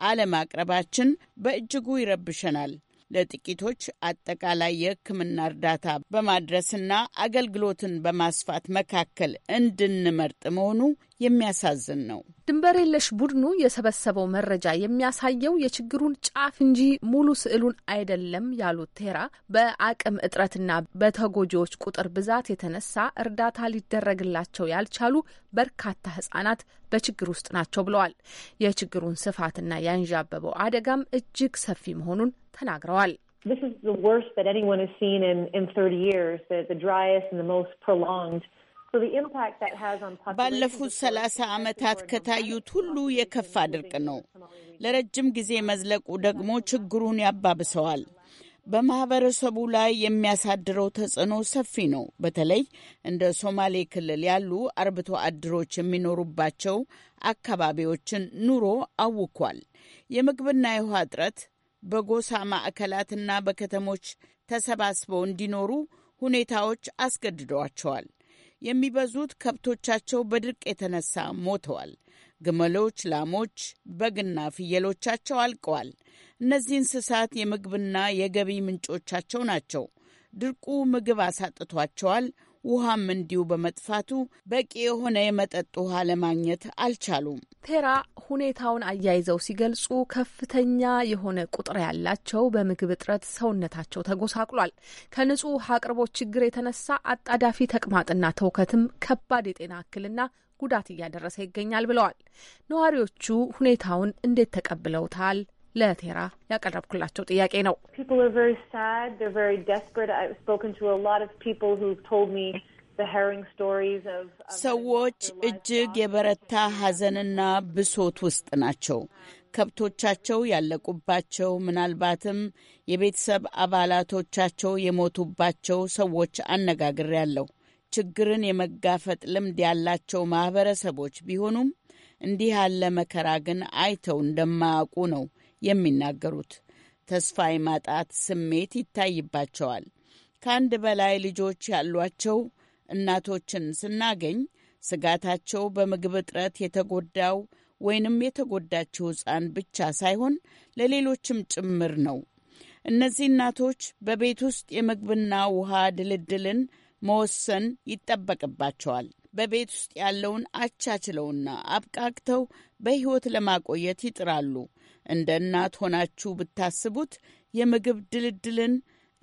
E: አለማቅረባችን በእጅጉ ይረብሸናል። ለጥቂቶች አጠቃላይ የሕክምና እርዳታ በማድረስና አገልግሎትን በማስፋት መካከል እንድንመርጥ መሆኑ የሚያሳዝን ነው።
I: ድንበር የለሽ ቡድኑ የሰበሰበው መረጃ የሚያሳየው የችግሩን ጫፍ እንጂ ሙሉ ስዕሉን አይደለም ያሉት ቴራ በአቅም እጥረትና በተጎጂዎች ቁጥር ብዛት የተነሳ እርዳታ ሊደረግላቸው ያልቻሉ በርካታ ህጻናት በችግር ውስጥ ናቸው ብለዋል። የችግሩን ስፋትና ያንዣበበው አደጋም
G: እጅግ ሰፊ መሆኑን ተናግረዋል። This is the worst that anyone has seen in, in 30
E: years, the, the driest and the most prolonged ባለፉት ሰላሳ ዓመታት ከታዩት ሁሉ የከፋ ድርቅ ነው። ለረጅም ጊዜ መዝለቁ ደግሞ ችግሩን ያባብሰዋል። በማህበረሰቡ ላይ የሚያሳድረው ተጽዕኖ ሰፊ ነው። በተለይ እንደ ሶማሌ ክልል ያሉ አርብቶ አድሮች የሚኖሩባቸው አካባቢዎችን ኑሮ አውኳል። የምግብና የውሃ እጥረት በጎሳ ማዕከላትና በከተሞች ተሰባስበው እንዲኖሩ ሁኔታዎች አስገድደዋቸዋል። የሚበዙት ከብቶቻቸው በድርቅ የተነሳ ሞተዋል። ግመሎች፣ ላሞች፣ በግና ፍየሎቻቸው አልቀዋል። እነዚህ እንስሳት የምግብና የገቢ ምንጮቻቸው ናቸው። ድርቁ ምግብ አሳጥቷቸዋል፣ ውሃም እንዲሁ በመጥፋቱ በቂ የሆነ የመጠጥ ውሃ ለማግኘት አልቻሉም።
I: ቴራ ሁኔታውን አያይዘው ሲገልጹ ከፍተኛ የሆነ ቁጥር ያላቸው በምግብ እጥረት ሰውነታቸው ተጎሳቅሏል። ከንጹህ ውሃ አቅርቦት ችግር የተነሳ አጣዳፊ ተቅማጥና ተውከትም ከባድ የጤና እክልና ጉዳት እያደረሰ ይገኛል ብለዋል። ነዋሪዎቹ ሁኔታውን እንዴት ተቀብለውታል? ለቴራ ያቀረብኩላቸው ጥያቄ ነው።
E: ሰዎች እጅግ የበረታ ሐዘንና ብሶት ውስጥ ናቸው። ከብቶቻቸው ያለቁባቸው፣ ምናልባትም የቤተሰብ አባላቶቻቸው የሞቱባቸው ሰዎች አነጋግሬያለሁ። ችግርን የመጋፈጥ ልምድ ያላቸው ማህበረሰቦች ቢሆኑም እንዲህ ያለ መከራ ግን አይተው እንደማያውቁ ነው የሚናገሩት። ተስፋ የማጣት ስሜት ይታይባቸዋል። ከአንድ በላይ ልጆች ያሏቸው እናቶችን ስናገኝ ስጋታቸው በምግብ እጥረት የተጎዳው ወይንም የተጎዳችው ሕፃን ብቻ ሳይሆን ለሌሎችም ጭምር ነው። እነዚህ እናቶች በቤት ውስጥ የምግብና ውሃ ድልድልን መወሰን ይጠበቅባቸዋል። በቤት ውስጥ ያለውን አቻችለውና አብቃቅተው በሕይወት ለማቆየት ይጥራሉ። እንደ እናት ሆናችሁ ብታስቡት የምግብ ድልድልን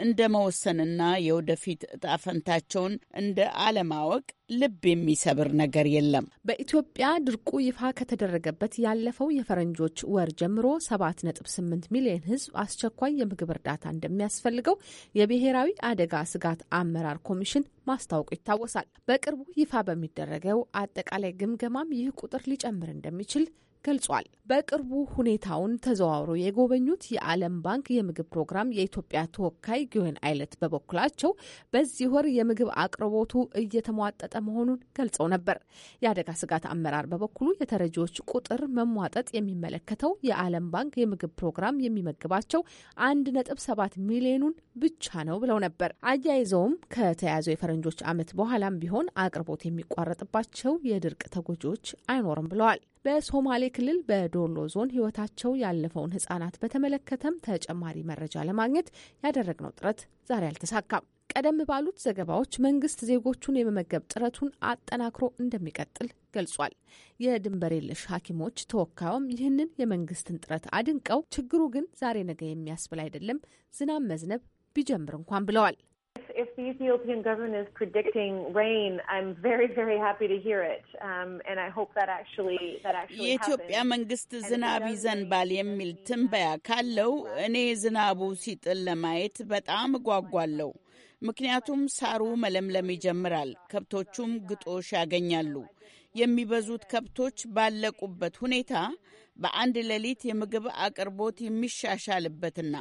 E: እንደ መወሰንና የወደፊት እጣፈንታቸውን እንደ አለማወቅ ልብ የሚሰብር ነገር የለም። በኢትዮጵያ ድርቁ ይፋ ከተደረገበት ያለፈው የፈረንጆች ወር ጀምሮ 7.8
I: ሚሊዮን ሕዝብ አስቸኳይ የምግብ እርዳታ እንደሚያስፈልገው የብሔራዊ አደጋ ስጋት አመራር ኮሚሽን ማስታወቁ ይታወሳል። በቅርቡ ይፋ በሚደረገው አጠቃላይ ግምገማም ይህ ቁጥር ሊጨምር እንደሚችል ገልጿል። በቅርቡ ሁኔታውን ተዘዋውሮ የጎበኙት የዓለም ባንክ የምግብ ፕሮግራም የኢትዮጵያ ተወካይ ጊዮን አይለት በበኩላቸው በዚህ ወር የምግብ አቅርቦቱ እየተሟጠጠ መሆኑን ገልጸው ነበር። የአደጋ ስጋት አመራር በበኩሉ የተረጂዎች ቁጥር መሟጠጥ የሚመለከተው የዓለም ባንክ የምግብ ፕሮግራም የሚመግባቸው አንድ ነጥብ ሰባት ሚሊዮኑን ብቻ ነው ብለው ነበር። አያይዘውም ከተያዘው የፈረንጆች ዓመት በኋላም ቢሆን አቅርቦት የሚቋረጥባቸው የድርቅ ተጎጂዎች አይኖርም ብለዋል። በሶማሌ ክልል በዶሎ ዞን ሕይወታቸው ያለፈውን ህጻናት በተመለከተም ተጨማሪ መረጃ ለማግኘት ያደረግነው ጥረት ዛሬ አልተሳካም። ቀደም ባሉት ዘገባዎች መንግስት ዜጎቹን የመመገብ ጥረቱን አጠናክሮ እንደሚቀጥል ገልጿል። የድንበር የለሽ ሐኪሞች ተወካዩም ይህንን የመንግስትን ጥረት አድንቀው ችግሩ ግን ዛሬ ነገ የሚያስብል አይደለም፣ ዝናብ መዝነብ ቢጀምር እንኳን ብለዋል።
G: if the Ethiopian government is predicting rain, I'm very, very happy to hear it. Um, and I hope that actually that actually
E: የኢትዮጵያ መንግስት ዝናብ ይዘንባል የሚል ትንበያ ካለው እኔ ዝናቡ ሲጥል ለማየት በጣም እጓጓለሁ። ምክንያቱም ሳሩ መለምለም ይጀምራል፣ ከብቶቹም ግጦሽ ያገኛሉ። የሚበዙት ከብቶች ባለቁበት ሁኔታ በአንድ ሌሊት የምግብ አቅርቦት የሚሻሻልበትና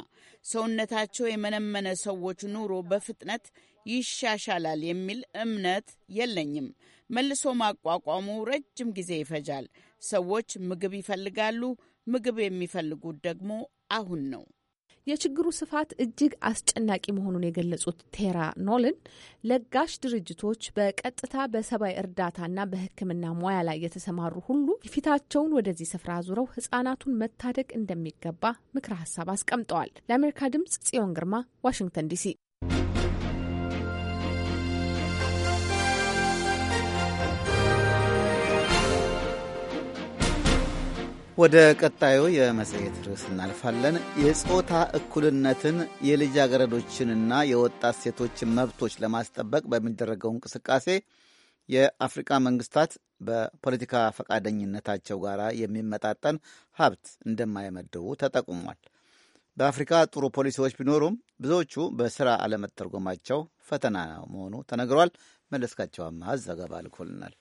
E: ሰውነታቸው የመነመነ ሰዎች ኑሮ በፍጥነት ይሻሻላል የሚል እምነት የለኝም። መልሶ ማቋቋሙ ረጅም ጊዜ ይፈጃል። ሰዎች ምግብ ይፈልጋሉ። ምግብ የሚፈልጉት ደግሞ አሁን ነው።
I: የችግሩ ስፋት እጅግ አስጨናቂ መሆኑን የገለጹት ቴራ ኖልን ለጋሽ ድርጅቶች በቀጥታ በሰብአዊ እርዳታና በሕክምና ሙያ ላይ የተሰማሩ ሁሉ ፊታቸውን ወደዚህ ስፍራ አዙረው ህጻናቱን መታደግ እንደሚገባ ምክረ ሀሳብ አስቀምጠዋል። ለአሜሪካ ድምጽ ጽዮን ግርማ ዋሽንግተን ዲሲ።
C: ወደ ቀጣዩ የመጽሔት ርዕስ እናልፋለን። የጾታ እኩልነትን የልጃገረዶችንና የወጣት ሴቶችን መብቶች ለማስጠበቅ በሚደረገው እንቅስቃሴ የአፍሪካ መንግስታት በፖለቲካ ፈቃደኝነታቸው ጋር የሚመጣጠን ሀብት እንደማይመድቡ ተጠቁሟል። በአፍሪካ ጥሩ ፖሊሲዎች ቢኖሩም ብዙዎቹ በስራ አለመተርጎማቸው ፈተና መሆኑ ተነግሯል። መለስካቸው አማሃ ዘገባ ልኮልናል።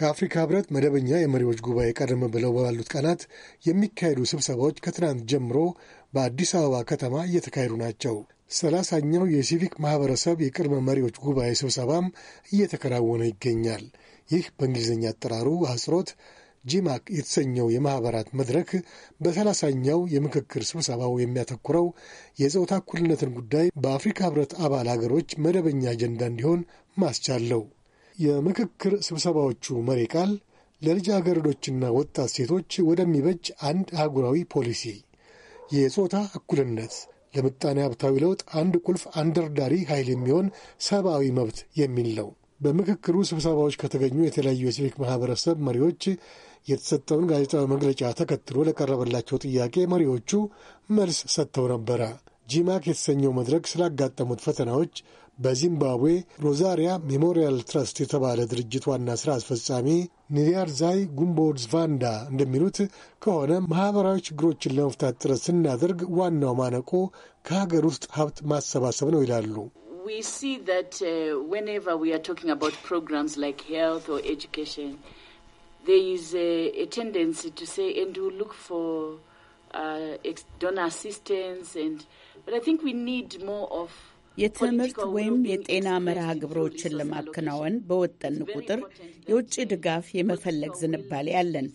J: ከአፍሪካ ህብረት መደበኛ የመሪዎች ጉባኤ ቀደም ብለው ባሉት ቀናት የሚካሄዱ ስብሰባዎች ከትናንት ጀምሮ በአዲስ አበባ ከተማ እየተካሄዱ ናቸው። ሰላሳኛው የሲቪክ ማህበረሰብ የቅድመ መሪዎች ጉባኤ ስብሰባም እየተከናወነ ይገኛል። ይህ በእንግሊዝኛ አጠራሩ አህጽሮት ጂማክ የተሰኘው የማኅበራት መድረክ በሰላሳኛው የምክክር ስብሰባው የሚያተኩረው የጾታ እኩልነትን ጉዳይ በአፍሪካ ህብረት አባል አገሮች መደበኛ አጀንዳ እንዲሆን ማስቻለው የምክክር ስብሰባዎቹ መሪ ቃል ለልጃገረዶችና ወጣት ሴቶች ወደሚበጅ አንድ አህጉራዊ ፖሊሲ የጾታ እኩልነት ለምጣኔ ሀብታዊ ለውጥ አንድ ቁልፍ አንደርዳሪ ኃይል የሚሆን ሰብአዊ መብት የሚል ነው። በምክክሩ ስብሰባዎች ከተገኙ የተለያዩ የሲቪክ ማህበረሰብ መሪዎች የተሰጠውን ጋዜጣዊ መግለጫ ተከትሎ ለቀረበላቸው ጥያቄ መሪዎቹ መልስ ሰጥተው ነበረ። ጂማክ የተሰኘው መድረክ ስላጋጠሙት ፈተናዎች በዚምባብዌ ሮዛሪያ ሜሞሪያል ትረስት የተባለ ድርጅት ዋና ሥራ አስፈጻሚ ኒያርዛይ ጉምቦድዝ ቫንዳ እንደሚሉት ከሆነ ማኅበራዊ ችግሮችን ለመፍታት ጥረት ስናደርግ ዋናው ማነቆ ከሀገር ውስጥ ሀብት ማሰባሰብ ነው ይላሉ።
E: ዶናር አሲስታንስ የትምህርት ወይም የጤና መርሃ ግብሮችን ለማከናወን በወጠን ቁጥር የውጭ ድጋፍ የመፈለግ ዝንባሌ አለን።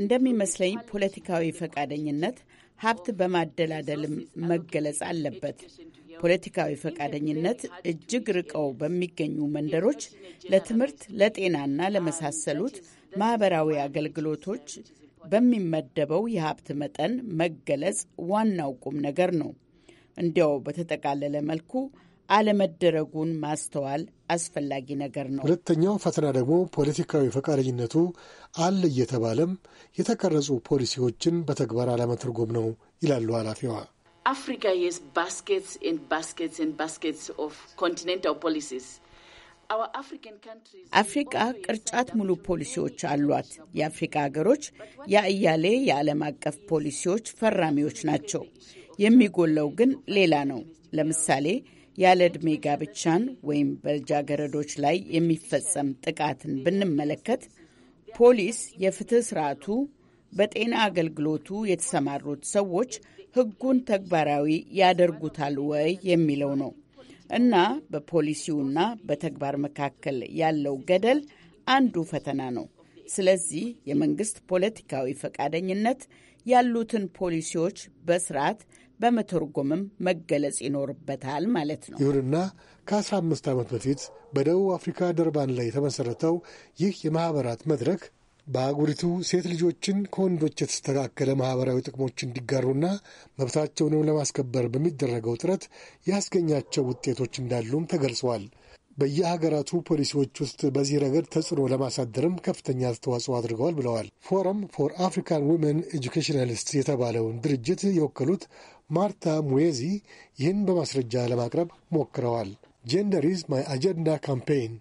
E: እንደሚመስለኝ ፖለቲካዊ ፈቃደኝነት ሀብት በማደላደልም መገለጽ አለበት። ፖለቲካዊ ፈቃደኝነት እጅግ ርቀው በሚገኙ መንደሮች ለትምህርት፣ ለጤናና ለመሳሰሉት ማህበራዊ አገልግሎቶች በሚመደበው የሀብት መጠን መገለጽ ዋናው ቁም ነገር ነው። እንዲያው በተጠቃለለ መልኩ አለመደረጉን ማስተዋል አስፈላጊ ነገር ነው።
J: ሁለተኛው ፈተና ደግሞ ፖለቲካዊ ፈቃደኝነቱ አለ እየተባለም የተቀረጹ ፖሊሲዎችን በተግባር አለመተርጎም ነው ይላሉ ኃላፊዋ።
E: አፍሪካ የስ ባስኬትስ ኤንድ ባስኬትስ ኤንድ ባስኬትስ ኦፍ ኮንቲኔንታል ፖሊሲስ አፍሪቃ ቅርጫት ሙሉ ፖሊሲዎች አሏት። የአፍሪቃ ሀገሮች የአያሌ የዓለም አቀፍ ፖሊሲዎች ፈራሚዎች ናቸው። የሚጎለው ግን ሌላ ነው። ለምሳሌ ያለ ዕድሜ ጋብቻን ወይም በልጃገረዶች ላይ የሚፈጸም ጥቃትን ብንመለከት ፖሊስ፣ የፍትህ ስርዓቱ፣ በጤና አገልግሎቱ የተሰማሩት ሰዎች ህጉን ተግባራዊ ያደርጉታል ወይ የሚለው ነው እና በፖሊሲውና በተግባር መካከል ያለው ገደል አንዱ ፈተና ነው። ስለዚህ የመንግስት ፖለቲካዊ ፈቃደኝነት ያሉትን ፖሊሲዎች በስርዓት በመተርጎምም መገለጽ ይኖርበታል ማለት ነው።
J: ይሁንና ከ15 ዓመት በፊት በደቡብ አፍሪካ ደርባን ላይ የተመሠረተው ይህ የማኅበራት መድረክ በአጉሪቱ ሴት ልጆችን ከወንዶች የተስተካከለ ማኅበራዊ ጥቅሞች እንዲጋሩና መብታቸውንም ለማስከበር በሚደረገው ጥረት ያስገኛቸው ውጤቶች እንዳሉም ተገልጸዋል። በየሀገራቱ ፖሊሲዎች ውስጥ በዚህ ረገድ ተጽዕኖ ለማሳደርም ከፍተኛ አስተዋጽኦ አድርገዋል ብለዋል። ፎረም ፎር አፍሪካን ዊመን ኤጁኬሽናሊስት የተባለውን ድርጅት የወከሉት ማርታ ሙዬዚ ይህን በማስረጃ ለማቅረብ ሞክረዋል። ጄንደር ኢዝ ማይ አጀንዳ ካምፔይን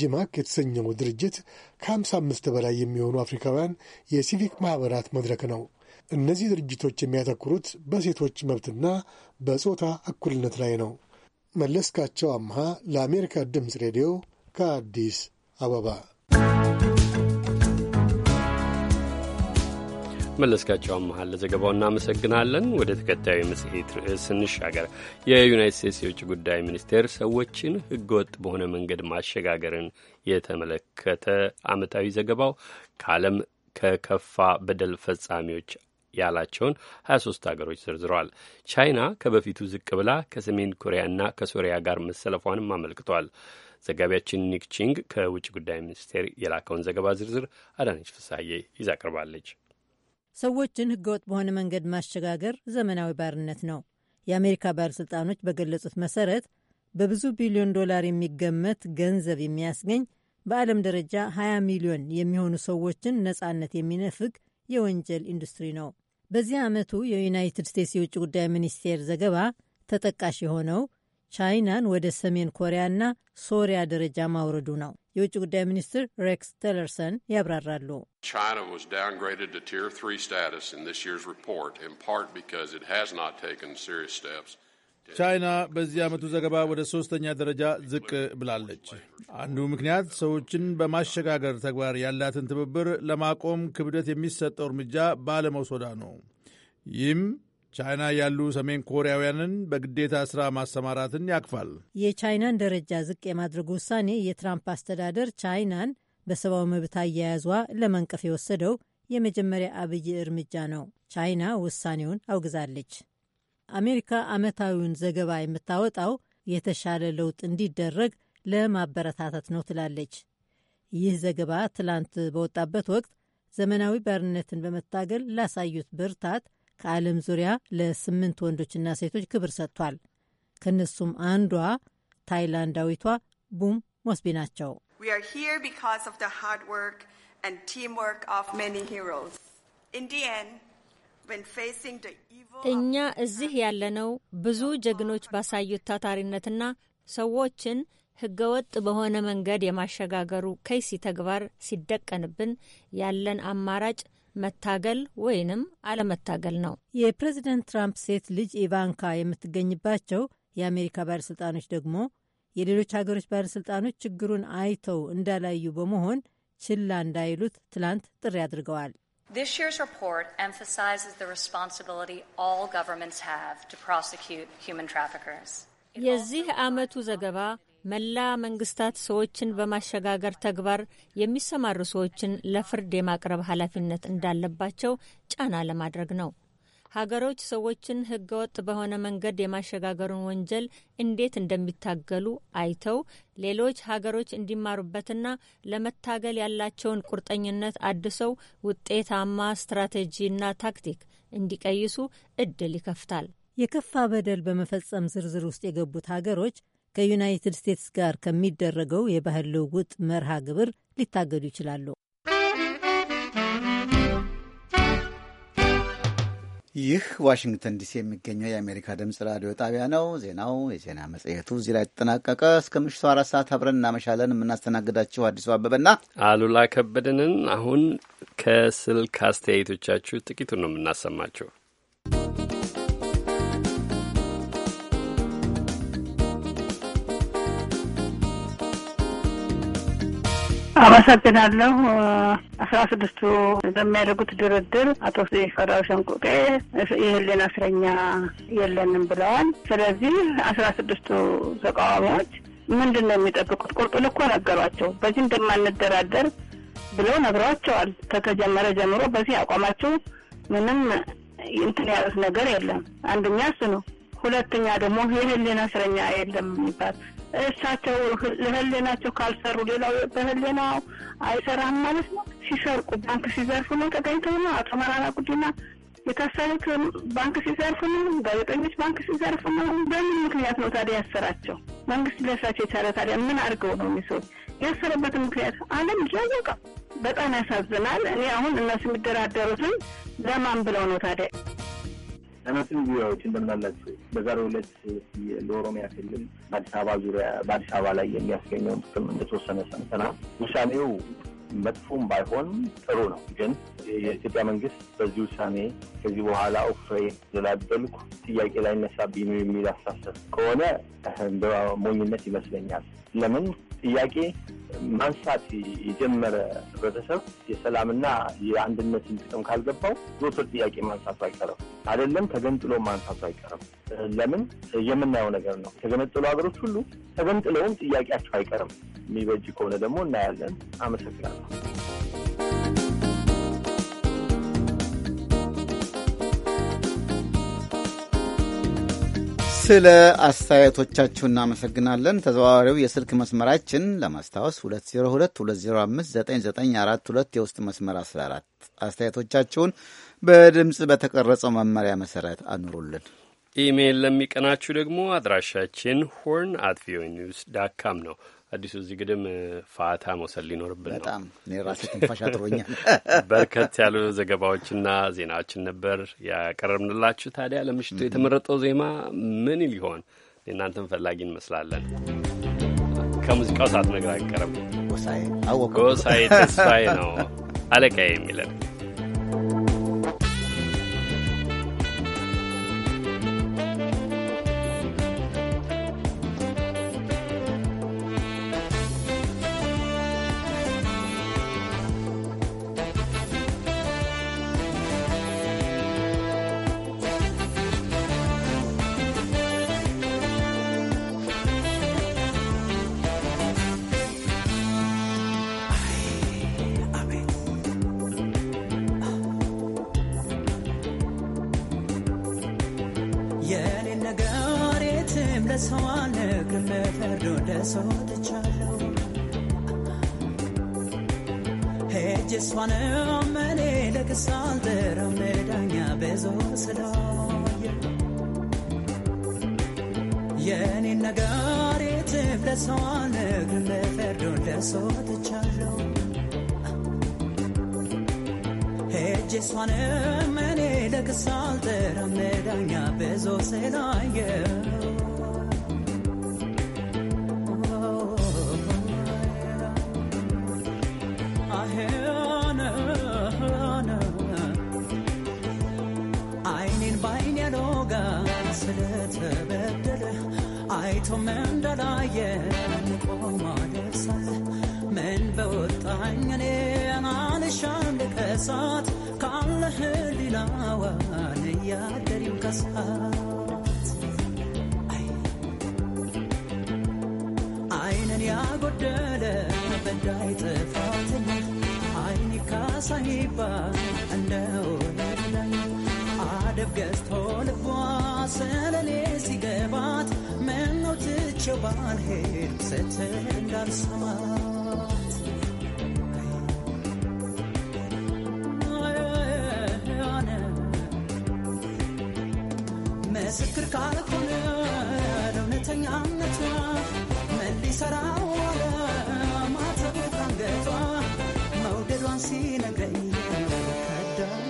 J: ጂማክ የተሰኘው ድርጅት ከ55 በላይ የሚሆኑ አፍሪካውያን የሲቪክ ማኅበራት መድረክ ነው። እነዚህ ድርጅቶች የሚያተኩሩት በሴቶች መብትና በጾታ እኩልነት ላይ ነው። መለስካቸው አምሃ ለአሜሪካ ድምፅ ሬዲዮ ከአዲስ አበባ
B: መለስካቸው መሀል ለዘገባው እናመሰግናለን። ወደ ተከታዩ መጽሔት ርዕስ ስንሻገር የዩናይት ስቴትስ የውጭ ጉዳይ ሚኒስቴር ሰዎችን ህገወጥ በሆነ መንገድ ማሸጋገርን የተመለከተ አመታዊ ዘገባው ከዓለም ከከፋ በደል ፈጻሚዎች ያላቸውን 23 ሀገሮች ዘርዝረዋል። ቻይና ከበፊቱ ዝቅ ብላ ከሰሜን ኮሪያና ከሶሪያ ጋር መሰለፏንም አመልክቷል። ዘጋቢያችን ኒክ ቺንግ ከውጭ ጉዳይ ሚኒስቴር የላከውን ዘገባ ዝርዝር አዳነች ፍሳዬ ይዛ ቀርባለች።
K: ሰዎችን ህገወጥ በሆነ መንገድ ማሸጋገር ዘመናዊ ባርነት ነው። የአሜሪካ ባለሥልጣኖች በገለጹት መሰረት በብዙ ቢሊዮን ዶላር የሚገመት ገንዘብ የሚያስገኝ በዓለም ደረጃ 20 ሚሊዮን የሚሆኑ ሰዎችን ነጻነት የሚነፍግ የወንጀል ኢንዱስትሪ ነው። በዚህ ዓመቱ የዩናይትድ ስቴትስ የውጭ ጉዳይ ሚኒስቴር ዘገባ ተጠቃሽ የሆነው ቻይናን ወደ ሰሜን ኮሪያና ሶሪያ ደረጃ ማውረዱ ነው። የውጭ ጉዳይ ሚኒስትር ሬክስ ቴለርሰን ያብራራሉ።
J: ቻይና በዚህ ዓመቱ ዘገባ ወደ ሦስተኛ ደረጃ ዝቅ ብላለች። አንዱ ምክንያት ሰዎችን በማሸጋገር ተግባር ያላትን ትብብር ለማቆም ክብደት የሚሰጠው እርምጃ ባለመውሰዷ ነው። ይህም ቻይና ያሉ ሰሜን ኮሪያውያንን በግዴታ ስራ ማሰማራትን ያቅፋል።
K: የቻይናን ደረጃ ዝቅ የማድረግ ውሳኔ የትራምፕ አስተዳደር ቻይናን በሰብአዊ መብት አያያዟ ለመንቀፍ የወሰደው የመጀመሪያ አብይ እርምጃ ነው። ቻይና ውሳኔውን አውግዛለች። አሜሪካ ዓመታዊውን ዘገባ የምታወጣው የተሻለ ለውጥ እንዲደረግ ለማበረታታት ነው ትላለች። ይህ ዘገባ ትላንት በወጣበት ወቅት ዘመናዊ ባርነትን በመታገል ላሳዩት ብርታት ከዓለም ዙሪያ ለስምንት ወንዶችና ሴቶች ክብር ሰጥቷል። ከእነሱም አንዷ ታይላንዳዊቷ ቡም ሞስቢ ናቸው።
L: እኛ እዚህ ያለነው ብዙ ጀግኖች ባሳዩት ታታሪነትና ሰዎችን ሕገወጥ በሆነ መንገድ የማሸጋገሩ ከይሲ ተግባር ሲደቀንብን ያለን አማራጭ መታገል ወይንም አለመታገል
K: ነው። የፕሬዚደንት ትራምፕ ሴት ልጅ ኢቫንካ የምትገኝባቸው የአሜሪካ ባለሥልጣኖች ደግሞ የሌሎች ሀገሮች ባለሥልጣኖች ችግሩን አይተው እንዳላዩ በመሆን ችላ እንዳይሉት ትላንት ጥሪ
L: አድርገዋል።
G: This year's report emphasizes the responsibility all governments have to prosecute human traffickers.
L: የዚህ ዓመቱ ዘገባ መላ መንግስታት ሰዎችን በማሸጋገር ተግባር የሚሰማሩ ሰዎችን ለፍርድ የማቅረብ ኃላፊነት እንዳለባቸው ጫና ለማድረግ ነው። ሀገሮች ሰዎችን ህገወጥ በሆነ መንገድ የማሸጋገሩን ወንጀል እንዴት እንደሚታገሉ አይተው ሌሎች ሀገሮች እንዲማሩበትና ለመታገል ያላቸውን ቁርጠኝነት አድሰው ውጤታማ ስትራቴጂና ታክቲክ እንዲቀይሱ እድል ይከፍታል።
K: የከፋ በደል በመፈጸም ዝርዝር ውስጥ የገቡት ሀገሮች ከዩናይትድ ስቴትስ ጋር ከሚደረገው የባህል ልውውጥ መርሃ ግብር ሊታገዱ ይችላሉ።
C: ይህ ዋሽንግተን ዲሲ የሚገኘው የአሜሪካ ድምፅ ራዲዮ ጣቢያ ነው። ዜናው የዜና መጽሔቱ እዚህ ላይ ተጠናቀቀ። እስከ ምሽቱ አራት ሰዓት አብረን እናመሻለን። የምናስተናግዳችሁ አዲሱ አበበና
B: አሉላ ከበደንን። አሁን ከስልክ አስተያየቶቻችሁ ጥቂቱን ነው የምናሰማችሁ።
L: አመሰግናለሁ።
G: አስራ ስድስቱ በሚያደርጉት ድርድር አቶ ፈራው ሸንቁጤ የህሊና እስረኛ የለንም ብለዋል። ስለዚህ አስራ ስድስቱ ተቃዋሚዎች ምንድን ነው የሚጠብቁት? ቁርጡ ልኮ ነገሯቸው። በዚህ እንደማንደራደር ብለው ነግረዋቸዋል። ከተጀመረ ጀምሮ በዚህ አቋማቸው ምንም እንትን ያሉት ነገር የለም። አንደኛ እሱ ነው። ሁለተኛ ደግሞ የህሊና እስረኛ የለም የሚባል እሳቸው ለህሌናቸው ካልሰሩ ሌላው በህሌና አይሰራም ማለት ነው። ሲሰርቁ ባንክ ሲዘርፉ ነው ተገኝተው ነው። አቶ መራራ ጉዲና የታሰሩት ባንክ ሲዘርፉ ነው። ጋዜጠኞች ባንክ ሲዘርፉ ነው። በምን ምክንያት ነው ታዲያ ያሰራቸው? መንግስት ሊያስራቸው የቻለ ታዲያ ምን አድርገው ነው የሚሰሩት? ያሰረበት ምክንያት አለም እያወቀ በጣም ያሳዝናል። እኔ አሁን እነሱ የሚደራደሩትን ለማን ብለው ነው ታዲያ?
J: ተመስል ቪዎች
B: እንደምናላችሁ በዛሬው ዕለት ለኦሮሚያ ክልል በአዲስ አበባ ዙሪያ በአዲስ አበባ ላይ የሚያስገኘውን ጥቅም እንደተወሰነ ሰምተናል። ውሳኔው መጥፎም ባይሆን ጥሩ ነው። ግን
G: የኢትዮጵያ መንግስት በዚህ ውሳኔ ከዚህ በኋላ ኦፍሬ ዘላደልኩ ጥያቄ ላይ ይነሳብኝ የሚል አሳሰብ ከሆነ በሞኝነት ይመስለኛል። ለምን ጥያቄ ማንሳት የጀመረ ህብረተሰብ የሰላምና
B: የአንድነትን ጥቅም ካልገባው ዞትር ጥያቄ ማንሳቱ አይቀርም፣ አይደለም ተገንጥሎ ማንሳቱ አይቀርም። ለምን የምናየው ነገር ነው። የተገነጠሉ ሀገሮች ሁሉ ተገንጥለውም ጥያቄያቸው አይቀርም። የሚበጅ ከሆነ ደግሞ እናያለን። አመሰግናለሁ።
C: ስለ አስተያየቶቻችሁ እናመሰግናለን። ተዘዋዋሪው የስልክ መስመራችን ለማስታወስ 2022059942 የውስጥ መስመር 14። አስተያየቶቻችሁን በድምፅ በተቀረጸው መመሪያ መሰረት አኑሩልን።
B: ኢሜይል ለሚቀናችሁ ደግሞ አድራሻችን ሆርን አት ቪኦኤ ኒውስ ዳት ካም ነው። አዲሱ እዚህ ግድም ፋታ መውሰድ ሊኖርብን ነው። በጣም እኔ ራሴ ትንፋሽ አጥሮኛል። በርከት ያሉ ዘገባዎችና ዜናዎችን ነበር ያቀረብንላችሁ። ታዲያ ለምሽቱ የተመረጠው ዜማ ምን ሊሆን? የእናንተን ፈላጊ እንመስላለን። ከሙዚቃው ሰዓት ነገር አይቀርም። ጎሳዬ ተስፋዬ ነው አለቃዬ የሚለን
A: የኔ ነጋሪ ትፍለሰዋን እግር ለፈርዶ ደርሶ ትቻለው ሄጄ እሷንም እኔ አይቶ መንደላየ ቆማ ደርሳ ምን በወጣኝ እኔን አንሻም ልከሳት ካለህ ሌላዋን እያደሪው ከሳት አይንን ያጎደለ በዳይ ጥፋትን አይን ካሳይባ እንደወለለ አደብ ገዝቶ ልቧ ስለሌ ሲገባት ትቼው ባልሄድ ሰትን ምስክር ካልሆነ ለእውነተኛነቷ ምን ሊሰራ ዋለ ማተቡ ካንገቷ መውደዷን ሲነግረኝ ከዳኝ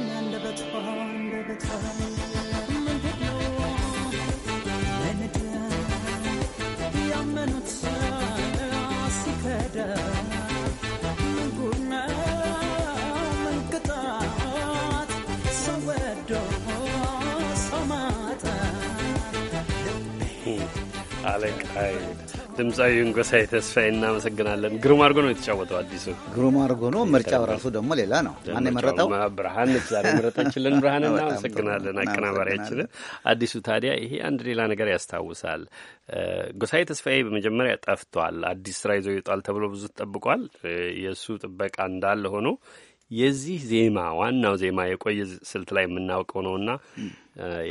B: ድምፃዊ ጎሳዬ ተስፋዬ እናመሰግናለን። ግሩም አድርጎ ነው የተጫወተው። አዲሱ
C: ግሩም አድርጎ ነው። ምርጫው ራሱ ደግሞ ሌላ ነው። ማን የመረጠው?
B: ብርሃን ዛሬ መረጠችልን። ብርሃን እናመሰግናለን፣ አቀናባሪያችንን አዲሱ። ታዲያ ይሄ አንድ ሌላ ነገር ያስታውሳል። ጎሳዬ ተስፋዬ በመጀመሪያ ጠፍቷል፣ አዲስ ስራ ይዞ ይወጣል ተብሎ ብዙ ተጠብቋል። የእሱ ጥበቃ እንዳለ ሆኖ የዚህ ዜማ ዋናው ዜማ የቆየ ስልት ላይ የምናውቀው ነውና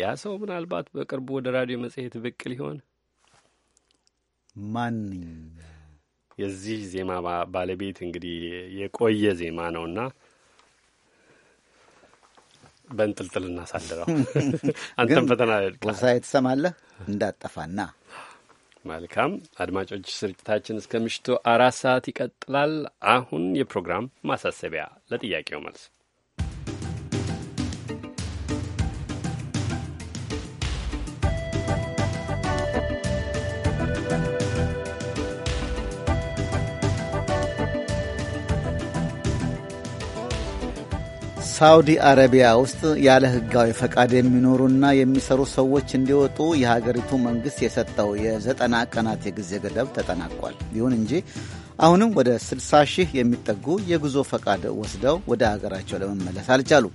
B: ያ ሰው ምናልባት በቅርቡ ወደ ራዲዮ መጽሔት ብቅ ሊሆን ማንኝ የዚህ ዜማ ባለቤት እንግዲህ የቆየ ዜማ ነውና በእንጥልጥል እናሳልረው። አንተም ፈተና ቁርሳ
C: የተሰማለህ እንዳጠፋና
B: መልካም አድማጮች፣ ስርጭታችን እስከ ምሽቱ አራት ሰዓት ይቀጥላል። አሁን የፕሮግራም ማሳሰቢያ ለጥያቄው መልስ
C: ሳውዲ አረቢያ ውስጥ ያለ ሕጋዊ ፈቃድ የሚኖሩና የሚሰሩ ሰዎች እንዲወጡ የሀገሪቱ መንግሥት የሰጠው የዘጠና ቀናት የጊዜ ገደብ ተጠናቋል። ይሁን እንጂ አሁንም ወደ 60 ሺህ የሚጠጉ የጉዞ ፈቃድ ወስደው ወደ ሀገራቸው ለመመለስ አልቻሉ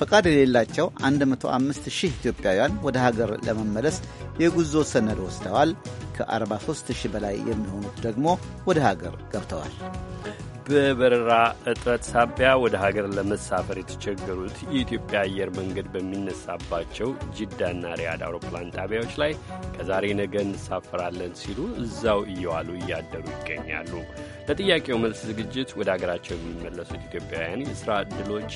C: ፈቃድ የሌላቸው 105 ሺህ ኢትዮጵያውያን ወደ ሀገር ለመመለስ የጉዞ ሰነድ ወስደዋል። ከ43 ሺህ በላይ የሚሆኑት ደግሞ ወደ ሀገር ገብተዋል።
B: በበረራ እጥረት ሳቢያ ወደ ሀገር ለመሳፈር የተቸገሩት የኢትዮጵያ አየር መንገድ በሚነሳባቸው ጅዳና ሪያድ አውሮፕላን ጣቢያዎች ላይ ከዛሬ ነገ እንሳፈራለን ሲሉ እዛው እየዋሉ እያደሩ ይገኛሉ። ለጥያቄው መልስ ዝግጅት ወደ አገራቸው የሚመለሱት ኢትዮጵያውያን የሥራ ዕድሎች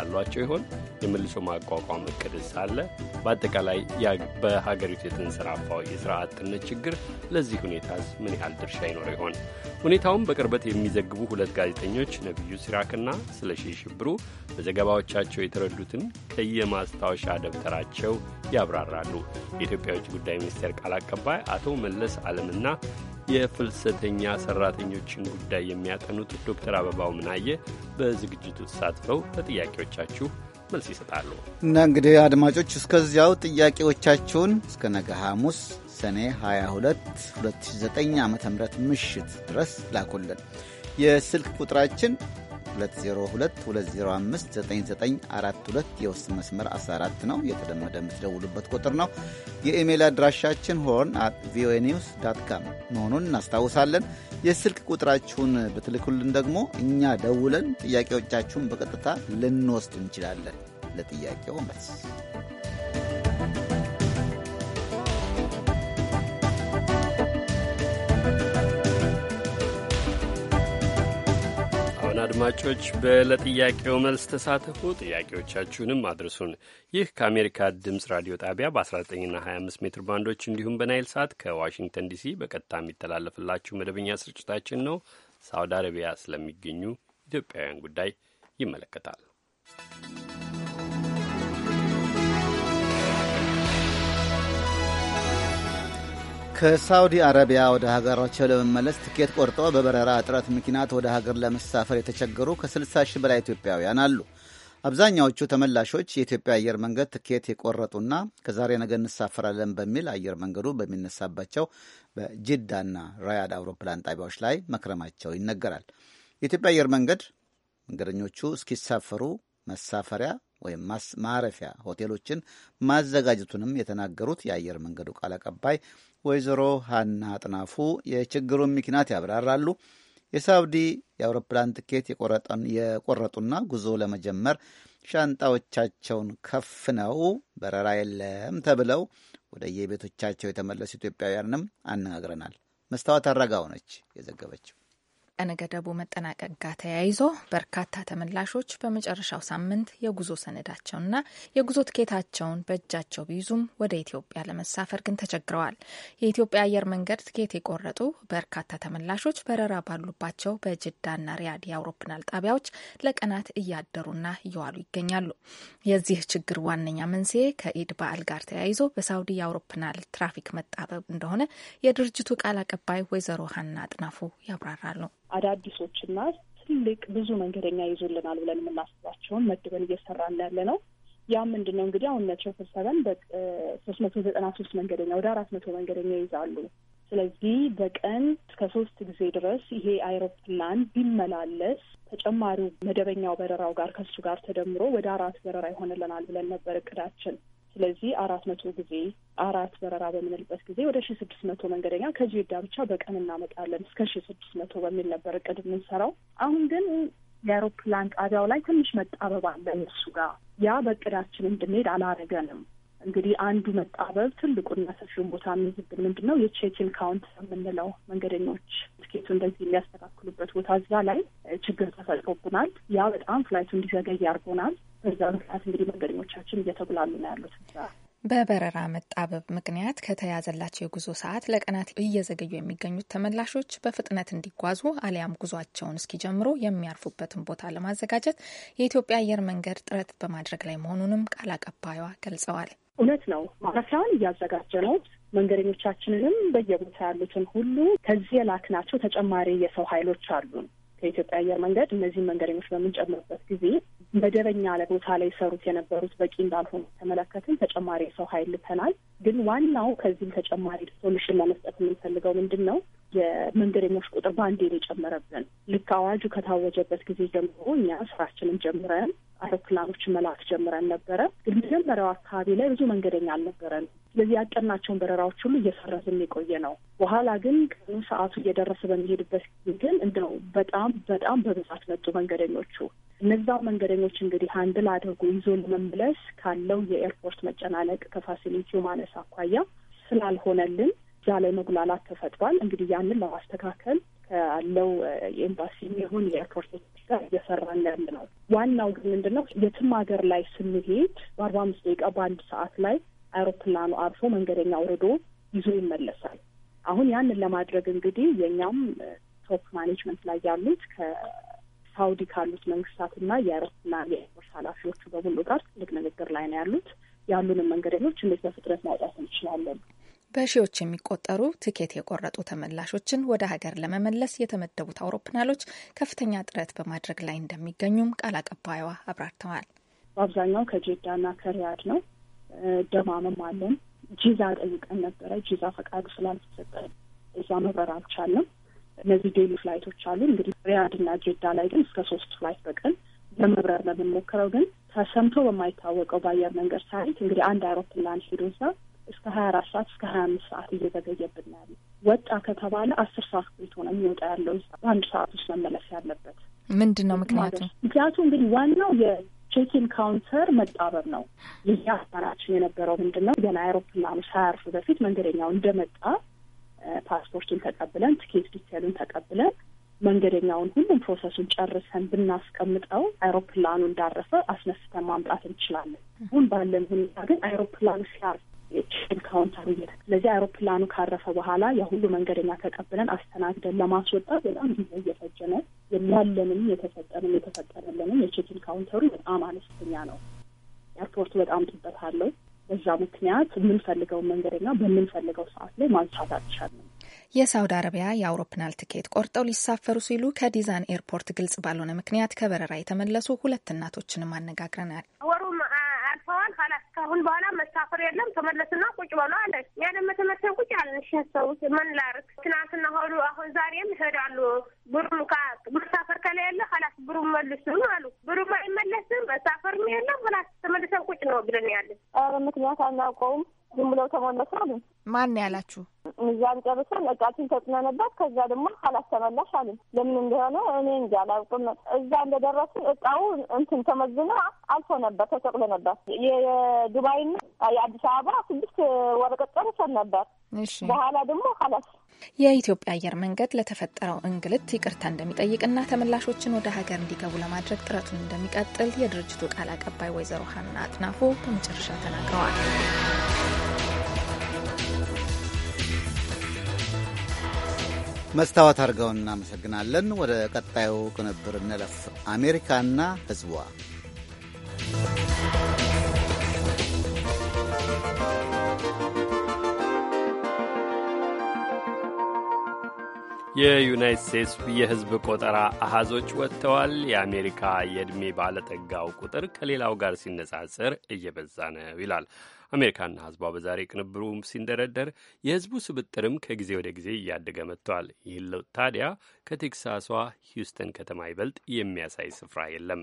B: አሏቸው ይሆን? የመልሶ ማቋቋም እቅድስ አለ? በአጠቃላይ በሀገሪቱ የተንሰራፋው የሥራ አጥነት ችግር ለዚህ ሁኔታስ ምን ያህል ድርሻ ይኖረው ይሆን? ሁኔታውን በቅርበት የሚዘግቡ ሁለት ጋዜጠኞች ነቢዩ ሲራክና ስለሺ ሽብሩ በዘገባዎቻቸው የተረዱትን ከየማስታወሻ ደብተራቸው ያብራራሉ። የኢትዮጵያ የውጭ ጉዳይ ሚኒስቴር ቃል አቀባይ አቶ መለስ አለምና የፍልሰተኛ ሰራተኞችን ጉዳይ የሚያጠኑት ዶክተር አበባው ምናየ በዝግጅቱ ተሳትፈው ለጥያቄዎቻችሁ መልስ ይሰጣሉ።
C: እና እንግዲህ አድማጮች እስከዚያው ጥያቄዎቻችሁን እስከ ነገ ሐሙስ ሰኔ 22 2009 ዓ ም ምሽት ድረስ ላኩልን። የስልክ ቁጥራችን 2022059942 የውስጥ መስመር 14 ነው የተለመደ የምትደውሉበት ቁጥር ነው። የኢሜይል አድራሻችን ሆርን አት ቪኦኤ ኒውስ ዳት ካም መሆኑን እናስታውሳለን። የስልክ ቁጥራችሁን ብትልኩልን ደግሞ እኛ ደውለን ጥያቄዎቻችሁን በቀጥታ ልንወስድ እንችላለን። ለጥያቄው መልስ
B: አድማጮች በለጥያቄው መልስ ተሳተፉ። ጥያቄዎቻችሁንም አድርሱን። ይህ ከአሜሪካ ድምፅ ራዲዮ ጣቢያ በ19ና 25 ሜትር ባንዶች እንዲሁም በናይል ሳት ከዋሽንግተን ዲሲ በቀጥታ የሚተላለፍላችሁ መደበኛ ስርጭታችን ነው። ሳውዲ አረቢያ ስለሚገኙ ኢትዮጵያውያን ጉዳይ ይመለከታል።
C: ከሳውዲ አረቢያ ወደ ሀገራቸው ለመመለስ ትኬት ቆርጦ በበረራ እጥረት ምክንያት ወደ ሀገር ለመሳፈር የተቸገሩ ከ60 ሺህ በላይ ኢትዮጵያውያን አሉ። አብዛኛዎቹ ተመላሾች የኢትዮጵያ አየር መንገድ ትኬት የቆረጡና ከዛሬ ነገ እንሳፈራለን በሚል አየር መንገዱ በሚነሳባቸው በጅዳና ራያድ አውሮፕላን ጣቢያዎች ላይ መክረማቸው ይነገራል። የኢትዮጵያ አየር መንገድ መንገደኞቹ እስኪሳፈሩ መሳፈሪያ ወይም ማረፊያ ሆቴሎችን ማዘጋጀቱንም የተናገሩት የአየር መንገዱ ቃል አቀባይ ወይዘሮ ሀና አጥናፉ የችግሩን ምክንያት ያብራራሉ። የሳውዲ የአውሮፕላን ትኬት የቆረጡና ጉዞ ለመጀመር ሻንጣዎቻቸውን ከፍነው በረራ የለም ተብለው ወደ የቤቶቻቸው የተመለሱ ኢትዮጵያውያንንም አነጋግረናል። መስታወት አረጋው ነች የዘገበችው።
M: ቀነ ገደቡ መጠናቀቅ ጋር ተያይዞ በርካታ ተመላሾች በመጨረሻው ሳምንት የጉዞ ሰነዳቸውና የጉዞ ትኬታቸውን በእጃቸው ቢይዙም ወደ ኢትዮጵያ ለመሳፈር ግን ተቸግረዋል። የኢትዮጵያ አየር መንገድ ትኬት የቆረጡ በርካታ ተመላሾች በረራ ባሉባቸው በጅዳና ሪያድ የአውሮፕላን ጣቢያዎች ለቀናት እያደሩና እየዋሉ ይገኛሉ። የዚህ ችግር ዋነኛ መንስኤ ከኢድ በዓል ጋር ተያይዞ በሳውዲ የአውሮፕላን ትራፊክ መጣበብ እንደሆነ የድርጅቱ ቃል አቀባይ ወይዘሮ ሀና አጥናፉ ያብራራሉ።
G: አዳዲሶችና ትልቅ ብዙ መንገደኛ ይዞልናል ብለን የምናስባቸውን መድበን እየሰራን ያለ ነው። ያ ምንድን ነው እንግዲህ አሁን ነቸው ሰቨን በሶስት መቶ ዘጠና ሶስት መንገደኛ ወደ አራት መቶ መንገደኛ ይይዛሉ። ስለዚህ በቀን እስከ ሶስት ጊዜ ድረስ ይሄ አይሮፕላን ቢመላለስ ተጨማሪው መደበኛው በረራው ጋር ከሱ ጋር ተደምሮ ወደ አራት በረራ ይሆንልናል ብለን ነበር እቅዳችን። ስለዚህ አራት መቶ ጊዜ አራት በረራ በምንልበት ጊዜ ወደ ሺ ስድስት መቶ መንገደኛ ከጅዳ ብቻ በቀን እናመጣለን እስከ ሺ ስድስት መቶ በሚል ነበር እቅድ የምንሰራው። አሁን ግን የአውሮፕላን ጣቢያው ላይ ትንሽ መጣበብ አለ እሱ ጋር ያ በእቅዳችን እንድንሄድ አላረገንም። እንግዲህ አንዱ መጣበብ ትልቁና ሰፊውን ቦታ የሚይዝብን ምንድን ነው የቼኪን ካውንት የምንለው መንገደኞች ትኬቱ እንደዚህ የሚያስተካክሉበት ቦታ እዛ ላይ ችግር ተፈጥሮብናል። ያ በጣም ፍላይቱ እንዲዘገይ ያርጎናል። በዛ ምክንያት እንግዲህ መንገደኞቻችን እየተጉላሉ ነው ያሉት እዛ
M: በበረራ መጣበብ ምክንያት ከተያዘላቸው የጉዞ ሰዓት ለቀናት እየዘገዩ የሚገኙት ተመላሾች በፍጥነት እንዲጓዙ አሊያም ጉዟቸውን እስኪጀምሩ የሚያርፉበትን ቦታ ለማዘጋጀት የኢትዮጵያ አየር
G: መንገድ ጥረት በማድረግ ላይ መሆኑንም ቃል አቀባይዋ ገልጸዋል። እውነት ነው ማረፊያውን እያዘጋጀ ነው። መንገደኞቻችንንም በየቦታ ያሉትን ሁሉ ከዚህ የላክናቸው ተጨማሪ የሰው ኃይሎች አሉን። ከኢትዮጵያ አየር መንገድ እነዚህን መንገደኞች በምንጨምርበት ጊዜ መደበኛ ለቦታ ላይ ሰሩት የነበሩት በቂ እንዳልሆኑ ተመለከትን። ተጨማሪ ሰው ኃይል ልተናል። ግን ዋናው ከዚህም ተጨማሪ ሶሉሽን ለመስጠት የምንፈልገው ምንድን ነው? የመንገደኞች ቁጥር በአንዴ የጨመረብን። ልክ አዋጁ ከታወጀበት ጊዜ ጀምሮ እኛ ስራችንን ጀምረን አውሮፕላኖች መላክ ጀምረን ነበረ። ግን መጀመሪያው አካባቢ ላይ ብዙ መንገደኛ አልነበረን። ስለዚህ ያጠናቸውን በረራዎች ሁሉ እየሰረዝን የቆየ ነው። በኋላ ግን ቀኑ ሰዓቱ እየደረሰ በሚሄድበት ጊዜ ግን እንደው በጣም በጣም በብዛት መጡ መንገደኞቹ። እነዛ መንገደኞች እንግዲህ ሀንድል አድርጎ ይዞ ለመመለስ ካለው የኤርፖርት መጨናነቅ ከፋሲሊቲው ማነስ አኳያ ስላልሆነልን እዛ ላይ መጉላላት ተፈጥሯል። እንግዲህ ያንን ለማስተካከል ካለው የኤምባሲ የሚሆን የኤርፖርት ጋር እየሰራን ያለ ነው። ዋናው ግን ምንድን ነው የትም ሀገር ላይ ስንሄድ በአርባ አምስት ደቂቃ በአንድ ሰዓት ላይ አውሮፕላኑ አርፎ መንገደኛ አውርዶ ይዞ ይመለሳል። አሁን ያንን ለማድረግ እንግዲህ የእኛም ቶፕ ማኔጅመንት ላይ ያሉት ከሳውዲ ካሉት መንግስታትና የአውሮፕላን የኤርፖርት ኃላፊዎቹ በሙሉ ጋር ትልቅ ንግግር ላይ ነው ያሉት። ያሉንን መንገደኞች እንዴት በፍጥነት ማውጣት እንችላለን?
M: በሺዎች የሚቆጠሩ ትኬት የቆረጡ ተመላሾችን ወደ ሀገር ለመመለስ የተመደቡት አውሮፕላኖች ከፍተኛ ጥረት በማድረግ ላይ እንደሚገኙም ቃል አቀባይዋ አብራርተዋል።
G: በአብዛኛው ከጄዳና ከሪያድ ነው ደማመም አለን። ጂዛ ጠይቀን ነበረ። ጂዛ ፈቃዱ ስላልተሰጠ እዛ መብረር አልቻለም። እነዚህ ዴይሊ ፍላይቶች አሉ። እንግዲህ ሪያድ እና ጄዳ ላይ ግን እስከ ሶስት ፍላይት በቀን ለመብረር ነው የምንሞክረው። ግን ተሰምቶ በማይታወቀው በአየር መንገድ ሳይት እንግዲህ አንድ አውሮፕላን ሄዶ እዛ እስከ ሀያ አራት ሰዓት እስከ ሀያ አምስት ሰዓት እየዘገየብን ያለ። ወጣ ከተባለ አስር ሰዓት ቆይቶ ነው የሚወጣ ያለው በአንድ ሰዓት ውስጥ መመለስ ያለበት።
M: ምንድን ነው ምክንያቱ?
G: ምክንያቱ እንግዲህ ዋናው ቼክ ካውንተር መጣበብ ነው። ይህ አሰራችን የነበረው ምንድን ነው? ገና አይሮፕላኑ ሳያርፍ በፊት መንገደኛው እንደመጣ ፓስፖርቱን ተቀብለን ትኬት ዲቴሉን ተቀብለን መንገደኛውን ሁሉም ፕሮሰሱን ጨርሰን ብናስቀምጠው አይሮፕላኑ እንዳረፈ አስነስተን ማምጣት እንችላለን። አሁን ባለን ሁኔታ ግን አይሮፕላኑ ሲያርፍ ኤንካውንተሩ እየተ ስለዚህ አይሮፕላኑ ካረፈ በኋላ የሁሉ መንገደኛ ተቀብለን አስተናግደን ለማስወጣት በጣም ጊዜ እየፈጀ ነው ያለንም የተሰጠንም የተፈጠረለንም የቼኪን ካውንተሩ በጣም አነስተኛ ነው። ኤርፖርቱ በጣም ጥበት አለው። በዛ ምክንያት የምንፈልገውን መንገደኛ በምንፈልገው ሰዓት ላይ ማንሳት አልቻልንም።
M: የሳውዲ አረቢያ የአውሮፕላን ትኬት ቆርጠው ሊሳፈሩ ሲሉ ከዲዛን ኤርፖርት ግልጽ ባልሆነ ምክንያት ከበረራ የተመለሱ ሁለት እናቶችንም
G: አነጋግረናል። ወሩ ተመልሰዋል። ካሁን በኋላ መሳፈር የለም ተመለስና ቁጭ በሉ አለ። ያ ደግሞ ተመልሰን ቁጭ አለን። እሺ ያሰቡት ምን ላርግ? ትናንትና ሆኑ አሁን ዛሬም ይሄዳሉ። ብሩም መሳፈር ከሌለ ካላስ ብሩ መልሱ አሉ። ብሩም አይመለስም መሳፈርም የለም ኋላስ ተመልሰን ቁጭ ነው ብለን ያለን ምክንያት አናውቀውም። ዝም ብለው ተመለሱ አሉ። ማን ያላችሁ? እዛን ጨርሰን እቃችን ተጭነንበት፣ ከዛ ደግሞ ካላስ ተመላሽ አሉ። ለምን እንደሆነ እኔ እንጂ አላውቅም። እዛ እንደደረሱ እቃው እንትን ተመዝኖ አልፎ ነበር፣ ተሰቅሎ ነበር። የዱባይና የአዲስ አበባ ስድስት ወረቀት ጨርሰን ነበር። በኋላ ደግሞ ካላስ
M: የኢትዮጵያ አየር መንገድ ለተፈጠረው እንግልት ይቅርታ እንደሚጠይቅና ተመላሾችን ወደ ሀገር እንዲገቡ ለማድረግ ጥረቱን እንደሚቀጥል የድርጅቱ ቃል አቀባይ ወይዘሮ ሀና አጥናፎ በመጨረሻ ተናግረዋል።
C: መስታወት አድርገውን እናመሰግናለን። ወደ ቀጣዩ ቅንብር እንለፍ። አሜሪካና ሕዝቧ
B: የዩናይት ስቴትስ የሕዝብ ቆጠራ አሃዞች ወጥተዋል። የአሜሪካ የዕድሜ ባለጠጋው ቁጥር ከሌላው ጋር ሲነጻጽር እየበዛ ነው ይላል። አሜሪካና ህዝቧ በዛሬ ቅንብሩ ሲንደረደር የህዝቡ ስብጥርም ከጊዜ ወደ ጊዜ እያደገ መጥቷል። ይህን ለውጥ ታዲያ ከቴክሳሷ ሂውስተን ከተማ ይበልጥ የሚያሳይ ስፍራ የለም።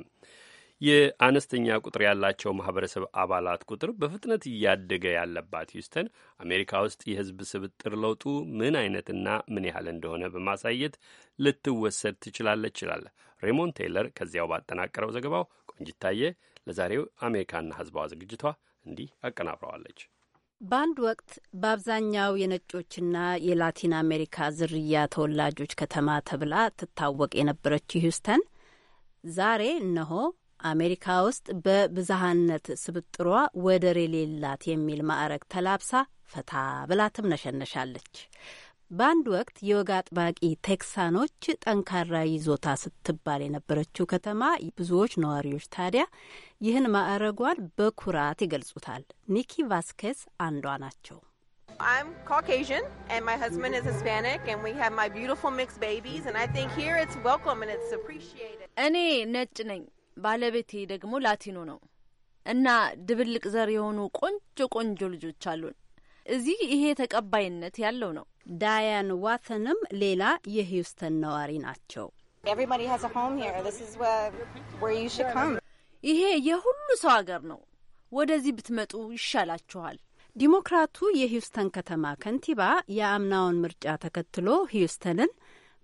B: የአነስተኛ ቁጥር ያላቸው ማህበረሰብ አባላት ቁጥር በፍጥነት እያደገ ያለባት ሂውስተን አሜሪካ ውስጥ የህዝብ ስብጥር ለውጡ ምን አይነትና ምን ያህል እንደሆነ በማሳየት ልትወሰድ ትችላለች ይላል ሬሞንድ ቴይለር። ከዚያው ባጠናቀረው ዘገባው ቆንጅታየ ለዛሬው አሜሪካና ህዝባዋ ዝግጅቷ እንዲህ አቀናብረዋለች።
F: በአንድ ወቅት በአብዛኛው የነጮችና የላቲን አሜሪካ ዝርያ ተወላጆች ከተማ ተብላ ትታወቅ የነበረችው ሂውስተን ዛሬ እነሆ አሜሪካ ውስጥ በብዝሃነት ስብጥሯ ወደር የሌላት የሚል ማዕረግ ተላብሳ ፈታ ብላ ትምነሸነሻለች። በአንድ ወቅት የወግ አጥባቂ ቴክሳኖች ጠንካራ ይዞታ ስትባል የነበረችው ከተማ ብዙዎች ነዋሪዎች ታዲያ ይህን ማዕረጓን በኩራት ይገልጹታል። ኒኪ ቫስኬስ አንዷ ናቸው።
D: እኔ ነጭ ነኝ ባለቤቴ ደግሞ ላቲኖ ነው እና ድብልቅ ዘር የሆኑ ቆንጆ ቆንጆ ልጆች አሉን። እዚህ ይሄ ተቀባይነት ያለው ነው። ዳያን ዋተንም ሌላ የሂውስተን ነዋሪ ናቸው። ይሄ የሁሉ ሰው አገር ነው። ወደዚህ ብትመጡ ይሻላችኋል። ዲሞክራቱ የሂውስተን
F: ከተማ ከንቲባ የአምናውን ምርጫ ተከትሎ ሂውስተንን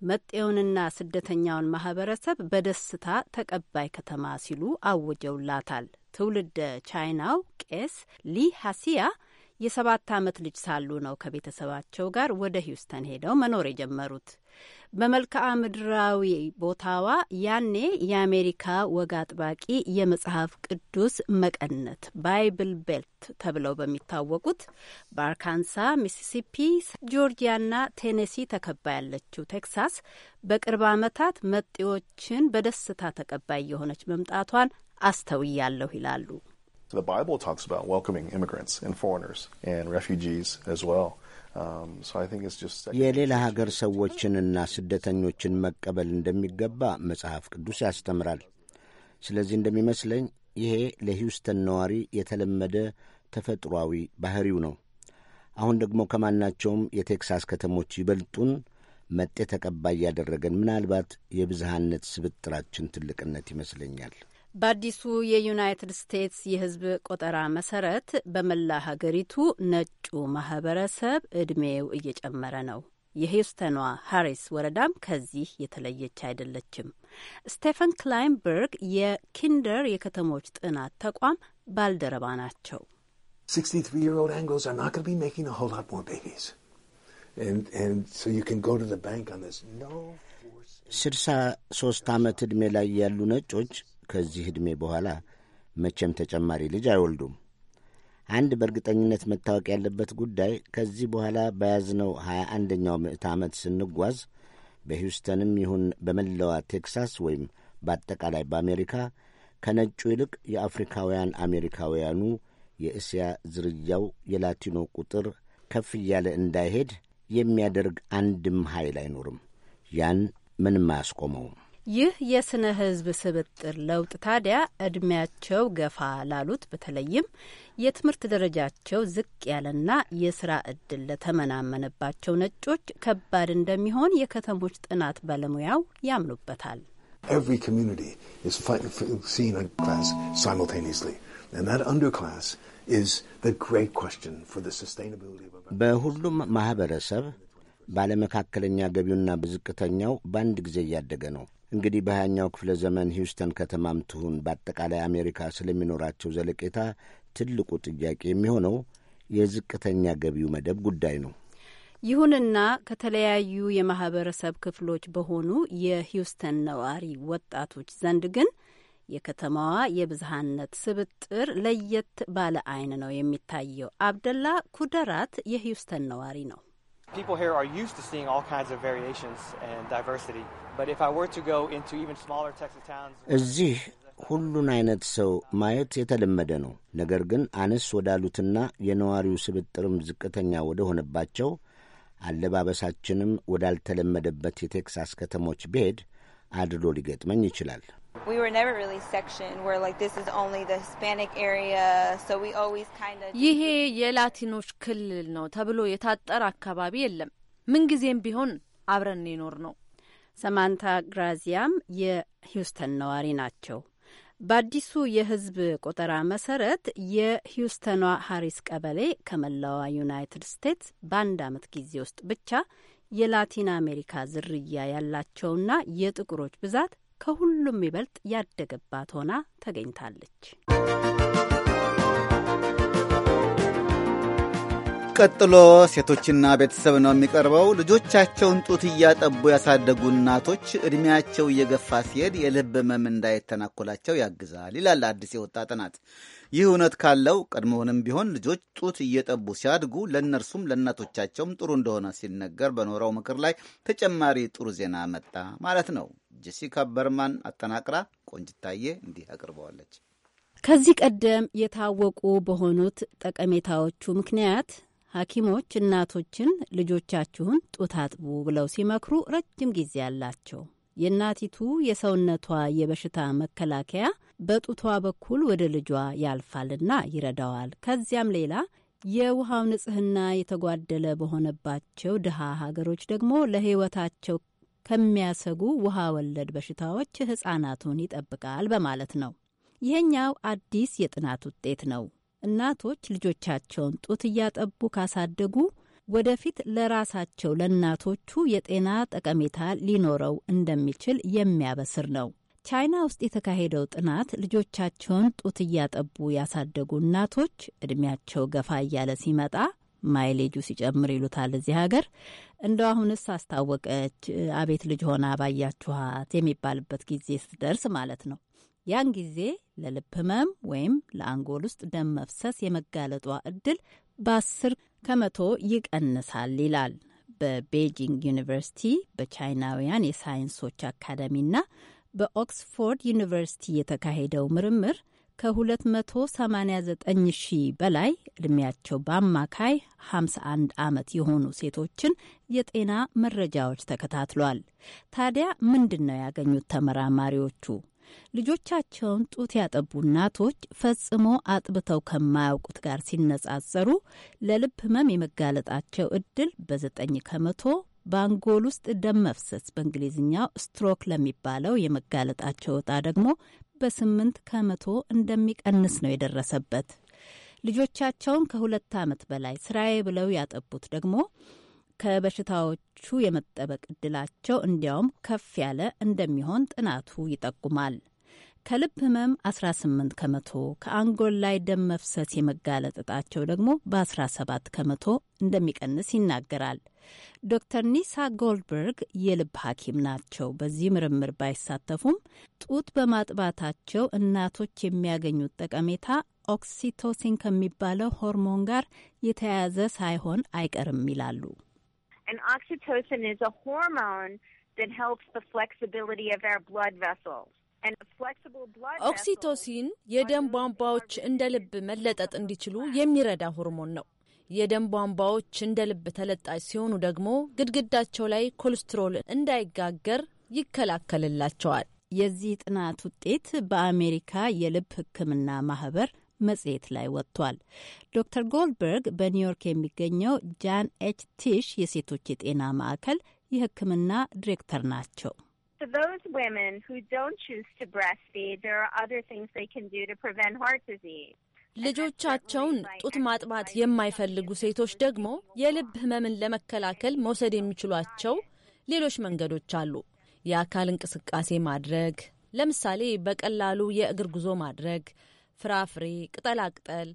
F: መጤውንና ስደተኛውን ማህበረሰብ በደስታ ተቀባይ ከተማ ሲሉ አውጀውላታል። ትውልደ ቻይናው ቄስ ሊ ሀሲያ የሰባት ዓመት ልጅ ሳሉ ነው ከቤተሰባቸው ጋር ወደ ሂውስተን ሄደው መኖር የጀመሩት። በመልክዓ ምድራዊ ቦታዋ ያኔ የአሜሪካ ወግ አጥባቂ የመጽሐፍ ቅዱስ መቀነት ባይብል ቤልት ተብለው በሚታወቁት በአርካንሳ፣ ሚሲሲፒ፣ ጆርጂያና ቴኔሲ ተከባ ያለችው ቴክሳስ በቅርብ ዓመታት መጤዎችን በደስታ ተቀባይ የሆነች መምጣቷን አስተውያለሁ
J: ይላሉ። the Bible talks about welcoming immigrants and foreigners and refugees as well. Um,
N: የሌላ ሀገር ሰዎችንና ስደተኞችን መቀበል እንደሚገባ መጽሐፍ ቅዱስ ያስተምራል። ስለዚህ እንደሚመስለኝ ይሄ ለሂውስተን ነዋሪ የተለመደ ተፈጥሯዊ ባህሪው ነው። አሁን ደግሞ ከማናቸውም የቴክሳስ ከተሞች ይበልጡን መጤ ተቀባይ ያደረገን ምናልባት የብዝሃነት ስብጥራችን ትልቅነት ይመስለኛል።
F: በአዲሱ የዩናይትድ ስቴትስ የሕዝብ ቆጠራ መሰረት በመላ ሀገሪቱ ነጩ ማህበረሰብ እድሜው እየጨመረ ነው። የሂውስተኗ ሃሪስ ወረዳም ከዚህ የተለየች አይደለችም። ስቴፈን ክላይንበርግ የኪንደር የከተሞች ጥናት ተቋም ባልደረባ ናቸው።
N: ስድሳ ሶስት ዓመት ዕድሜ ላይ ያሉ ነጮች ከዚህ ዕድሜ በኋላ መቼም ተጨማሪ ልጅ አይወልዱም። አንድ በእርግጠኝነት መታወቅ ያለበት ጉዳይ ከዚህ በኋላ በያዝነው ሀያ አንደኛው ምዕት ዓመት ስንጓዝ በሂውስተንም ይሁን በመላዋ ቴክሳስ ወይም በአጠቃላይ በአሜሪካ ከነጩ ይልቅ የአፍሪካውያን አሜሪካውያኑ የእስያ ዝርያው የላቲኖ ቁጥር ከፍ እያለ እንዳይሄድ የሚያደርግ አንድም ኃይል አይኖርም። ያን ምንም አያስቆመውም።
F: ይህ የስነ ህዝብ ስብጥር ለውጥ ታዲያ እድሜያቸው ገፋ ላሉት በተለይም የትምህርት ደረጃቸው ዝቅ ያለና የስራ እድል ለተመናመነባቸው ነጮች ከባድ እንደሚሆን የከተሞች ጥናት ባለሙያው ያምኑበታል።
N: በሁሉም ማህበረሰብ ባለመካከለኛ ገቢውና ብዝቅተኛው በአንድ ጊዜ እያደገ ነው። እንግዲህ በሀያኛው ክፍለ ዘመን ሂውስተን ከተማም ትሁን በአጠቃላይ አሜሪካ ስለሚኖራቸው ዘለቄታ ትልቁ ጥያቄ የሚሆነው የዝቅተኛ ገቢው መደብ ጉዳይ ነው።
F: ይሁንና ከተለያዩ የማህበረሰብ ክፍሎች በሆኑ የሂውስተን ነዋሪ ወጣቶች ዘንድ ግን የከተማዋ የብዝሃነት ስብጥር ለየት ባለ አይን ነው የሚታየው። አብደላ ኩደራት የሂውስተን ነዋሪ ነው።
B: እዚህ
N: ሁሉን አይነት ሰው ማየት የተለመደ ነው። ነገር ግን አነስ ወዳሉትና የነዋሪው ስብጥርም ዝቅተኛ ወደሆነባቸው አለባበሳችንም ወዳልተለመደበት የቴክሳስ ከተሞች ብሄድ አድሎ ሊገጥመኝ ይችላል።
M: ይሄ
D: የላቲኖች ክልል ነው ተብሎ የታጠረ አካባቢ የለም። ምንጊዜም ቢሆን አብረን የኖር ነው። ሰማንታ
F: ግራዚያም የሂውስተን ነዋሪ ናቸው። በአዲሱ የሕዝብ ቆጠራ መሰረት የሂውስተኗ ሀሪስ ቀበሌ ከመላዋ ዩናይትድ ስቴትስ በአንድ ዓመት ጊዜ ውስጥ ብቻ የላቲን አሜሪካ ዝርያ ያላቸውና የጥቁሮች ብዛት ከሁሉም ይበልጥ ያደገባት ሆና ተገኝታለች።
C: ቀጥሎ ሴቶችና ቤተሰብ ነው የሚቀርበው። ልጆቻቸውን ጡት እያጠቡ ያሳደጉ እናቶች ዕድሜያቸው እየገፋ ሲሄድ የልብ ህመም እንዳይተናኮላቸው ያግዛል ይላል አዲስ የወጣ ጥናት። ይህ እውነት ካለው ቀድሞውንም ቢሆን ልጆች ጡት እየጠቡ ሲያድጉ ለእነርሱም ለእናቶቻቸውም ጥሩ እንደሆነ ሲነገር በኖረው ምክር ላይ ተጨማሪ ጥሩ ዜና መጣ ማለት ነው። ጄሲካ በርማን አጠናቅራ ቆንጅታዬ እንዲህ አቅርበዋለች።
F: ከዚህ ቀደም የታወቁ በሆኑት ጠቀሜታዎቹ ምክንያት ሐኪሞች እናቶችን ልጆቻችሁን ጡት አጥቡ ብለው ሲመክሩ ረጅም ጊዜ አላቸው። የእናቲቱ የሰውነቷ የበሽታ መከላከያ በጡቷ በኩል ወደ ልጇ ያልፋልና ይረዳዋል። ከዚያም ሌላ የውሃው ንጽህና የተጓደለ በሆነባቸው ድሃ ሀገሮች ደግሞ ለሕይወታቸው ከሚያሰጉ ውሃ ወለድ በሽታዎች ሕፃናቱን ይጠብቃል በማለት ነው። ይህኛው አዲስ የጥናት ውጤት ነው። እናቶች ልጆቻቸውን ጡት እያጠቡ ካሳደጉ ወደፊት ለራሳቸው ለእናቶቹ የጤና ጠቀሜታ ሊኖረው እንደሚችል የሚያበስር ነው። ቻይና ውስጥ የተካሄደው ጥናት ልጆቻቸውን ጡት እያጠቡ ያሳደጉ እናቶች ዕድሜያቸው ገፋ እያለ ሲመጣ ማይሌጁ ሲጨምር ይሉታል እዚህ ሀገር። እንደው አሁንስ አስታወቀች አቤት ልጅ ሆና ባያችኋት የሚባልበት ጊዜ ስትደርስ ማለት ነው። ያን ጊዜ ለልብ ህመም ወይም ለአንጎል ውስጥ ደም መፍሰስ የመጋለጧ እድል በአስር ከመቶ ይቀንሳል ይላል በቤጂንግ ዩኒቨርሲቲ በቻይናውያን የሳይንሶች ና በኦክስፎርድ ዩኒቨርሲቲ የተካሄደው ምርምር ከ289 ሺህ በላይ ዕድሜያቸው በአማካይ 51 ዓመት የሆኑ ሴቶችን የጤና መረጃዎች ተከታትሏል። ታዲያ ምንድን ነው ያገኙት ተመራማሪዎቹ? ልጆቻቸውን ጡት ያጠቡ እናቶች ፈጽሞ አጥብተው ከማያውቁት ጋር ሲነጻጸሩ ለልብ ሕመም የመጋለጣቸው እድል በዘጠኝ ከመቶ በአንጎል ውስጥ ደም መፍሰስ በእንግሊዝኛው ስትሮክ ለሚባለው የመጋለጣቸው እጣ ደግሞ በስምንት ከመቶ እንደሚቀንስ ነው የደረሰበት። ልጆቻቸውን ከሁለት ዓመት በላይ ስራዬ ብለው ያጠቡት ደግሞ ከበሽታዎቹ የመጠበቅ እድላቸው እንዲያውም ከፍ ያለ እንደሚሆን ጥናቱ ይጠቁማል። ከልብ ህመም 18 ከመቶ፣ ከአንጎል ላይ ደም መፍሰስ የመጋለጥ እጣቸው ደግሞ በ17 ከመቶ እንደሚቀንስ ይናገራል። ዶክተር ኒሳ ጎልድበርግ የልብ ሐኪም ናቸው። በዚህ ምርምር ባይሳተፉም ጡት በማጥባታቸው እናቶች የሚያገኙት ጠቀሜታ ኦክሲቶሲን ከሚባለው ሆርሞን ጋር የተያያዘ ሳይሆን አይቀርም ይላሉ።
G: ኦክሲቶሲን
D: ኦክሲቶሲን የደም ቧንቧዎች እንደ ልብ መለጠጥ እንዲችሉ የሚረዳ ሆርሞን ነው። የደም ቧንቧዎች እንደ ልብ ተለጣጭ ሲሆኑ ደግሞ ግድግዳቸው ላይ ኮሌስትሮል እንዳይጋገር
F: ይከላከልላቸዋል። የዚህ ጥናት ውጤት በአሜሪካ የልብ ሕክምና ማህበር መጽሔት ላይ ወጥቷል። ዶክተር ጎልድበርግ በኒውዮርክ የሚገኘው ጃን ኤች ቲሽ የሴቶች የጤና ማዕከል የሕክምና ዲሬክተር ናቸው።
G: for those women who don't choose to breastfeed, there are other things they can do to prevent heart
L: disease.
D: ልጆቻቸውን ጡት ማጥባት የማይፈልጉ ሴቶች ደግሞ የልብ ህመምን ለመከላከል መውሰድ የሚችሏቸው ሌሎች መንገዶች አሉ። የአካል እንቅስቃሴ ማድረግ፣ ለምሳሌ በቀላሉ የእግር ጉዞ ማድረግ፣ ፍራፍሬ፣ ቅጠላቅጠል፣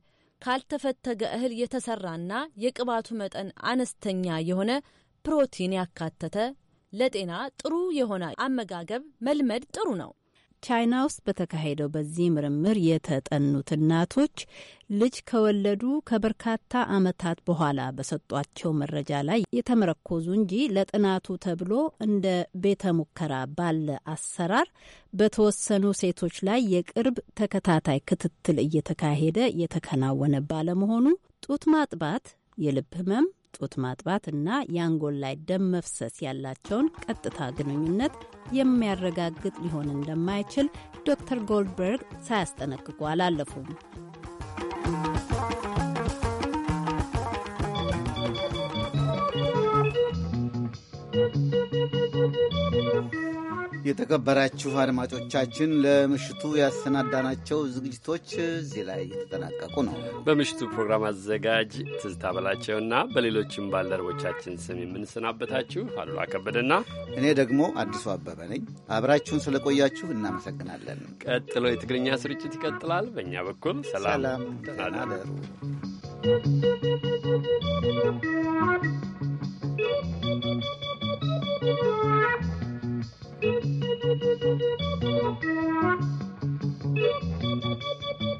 D: ካልተፈተገ እህል የተሰራና የቅባቱ መጠን አነስተኛ የሆነ ፕሮቲን ያካተተ ለጤና ጥሩ የሆነ አመጋገብ መልመድ ጥሩ ነው።
F: ቻይና ውስጥ በተካሄደው በዚህ ምርምር የተጠኑት እናቶች ልጅ ከወለዱ ከበርካታ ዓመታት በኋላ በሰጧቸው መረጃ ላይ የተመረኮዙ እንጂ ለጥናቱ ተብሎ እንደ ቤተ ሙከራ ባለ አሰራር በተወሰኑ ሴቶች ላይ የቅርብ ተከታታይ ክትትል እየተካሄደ የተከናወነ ባለመሆኑ ጡት ማጥባት፣ የልብ ህመም ጡት ማጥባት እና የአንጎል ላይ ደም መፍሰስ ያላቸውን ቀጥታ ግንኙነት የሚያረጋግጥ ሊሆን እንደማይችል ዶክተር ጎልድበርግ ሳያስጠነቅቁ አላለፉም።
A: ¶¶
C: የተከበራችሁ አድማጮቻችን ለምሽቱ ያሰናዳናቸው ዝግጅቶች እዚህ ላይ እየተጠናቀቁ
B: ነው። በምሽቱ ፕሮግራም አዘጋጅ ትዝታ በላቸውና በሌሎችም ባልደረቦቻችን ስም የምንሰናበታችሁ አሉላ ከበደና
C: እኔ ደግሞ አዲሱ አበበ ነኝ። አብራችሁን ስለቆያችሁ እናመሰግናለን።
B: ቀጥሎ የትግርኛ ስርጭት ይቀጥላል። በእኛ በኩል ሰላም ደህና እደሩ።
A: Thank you.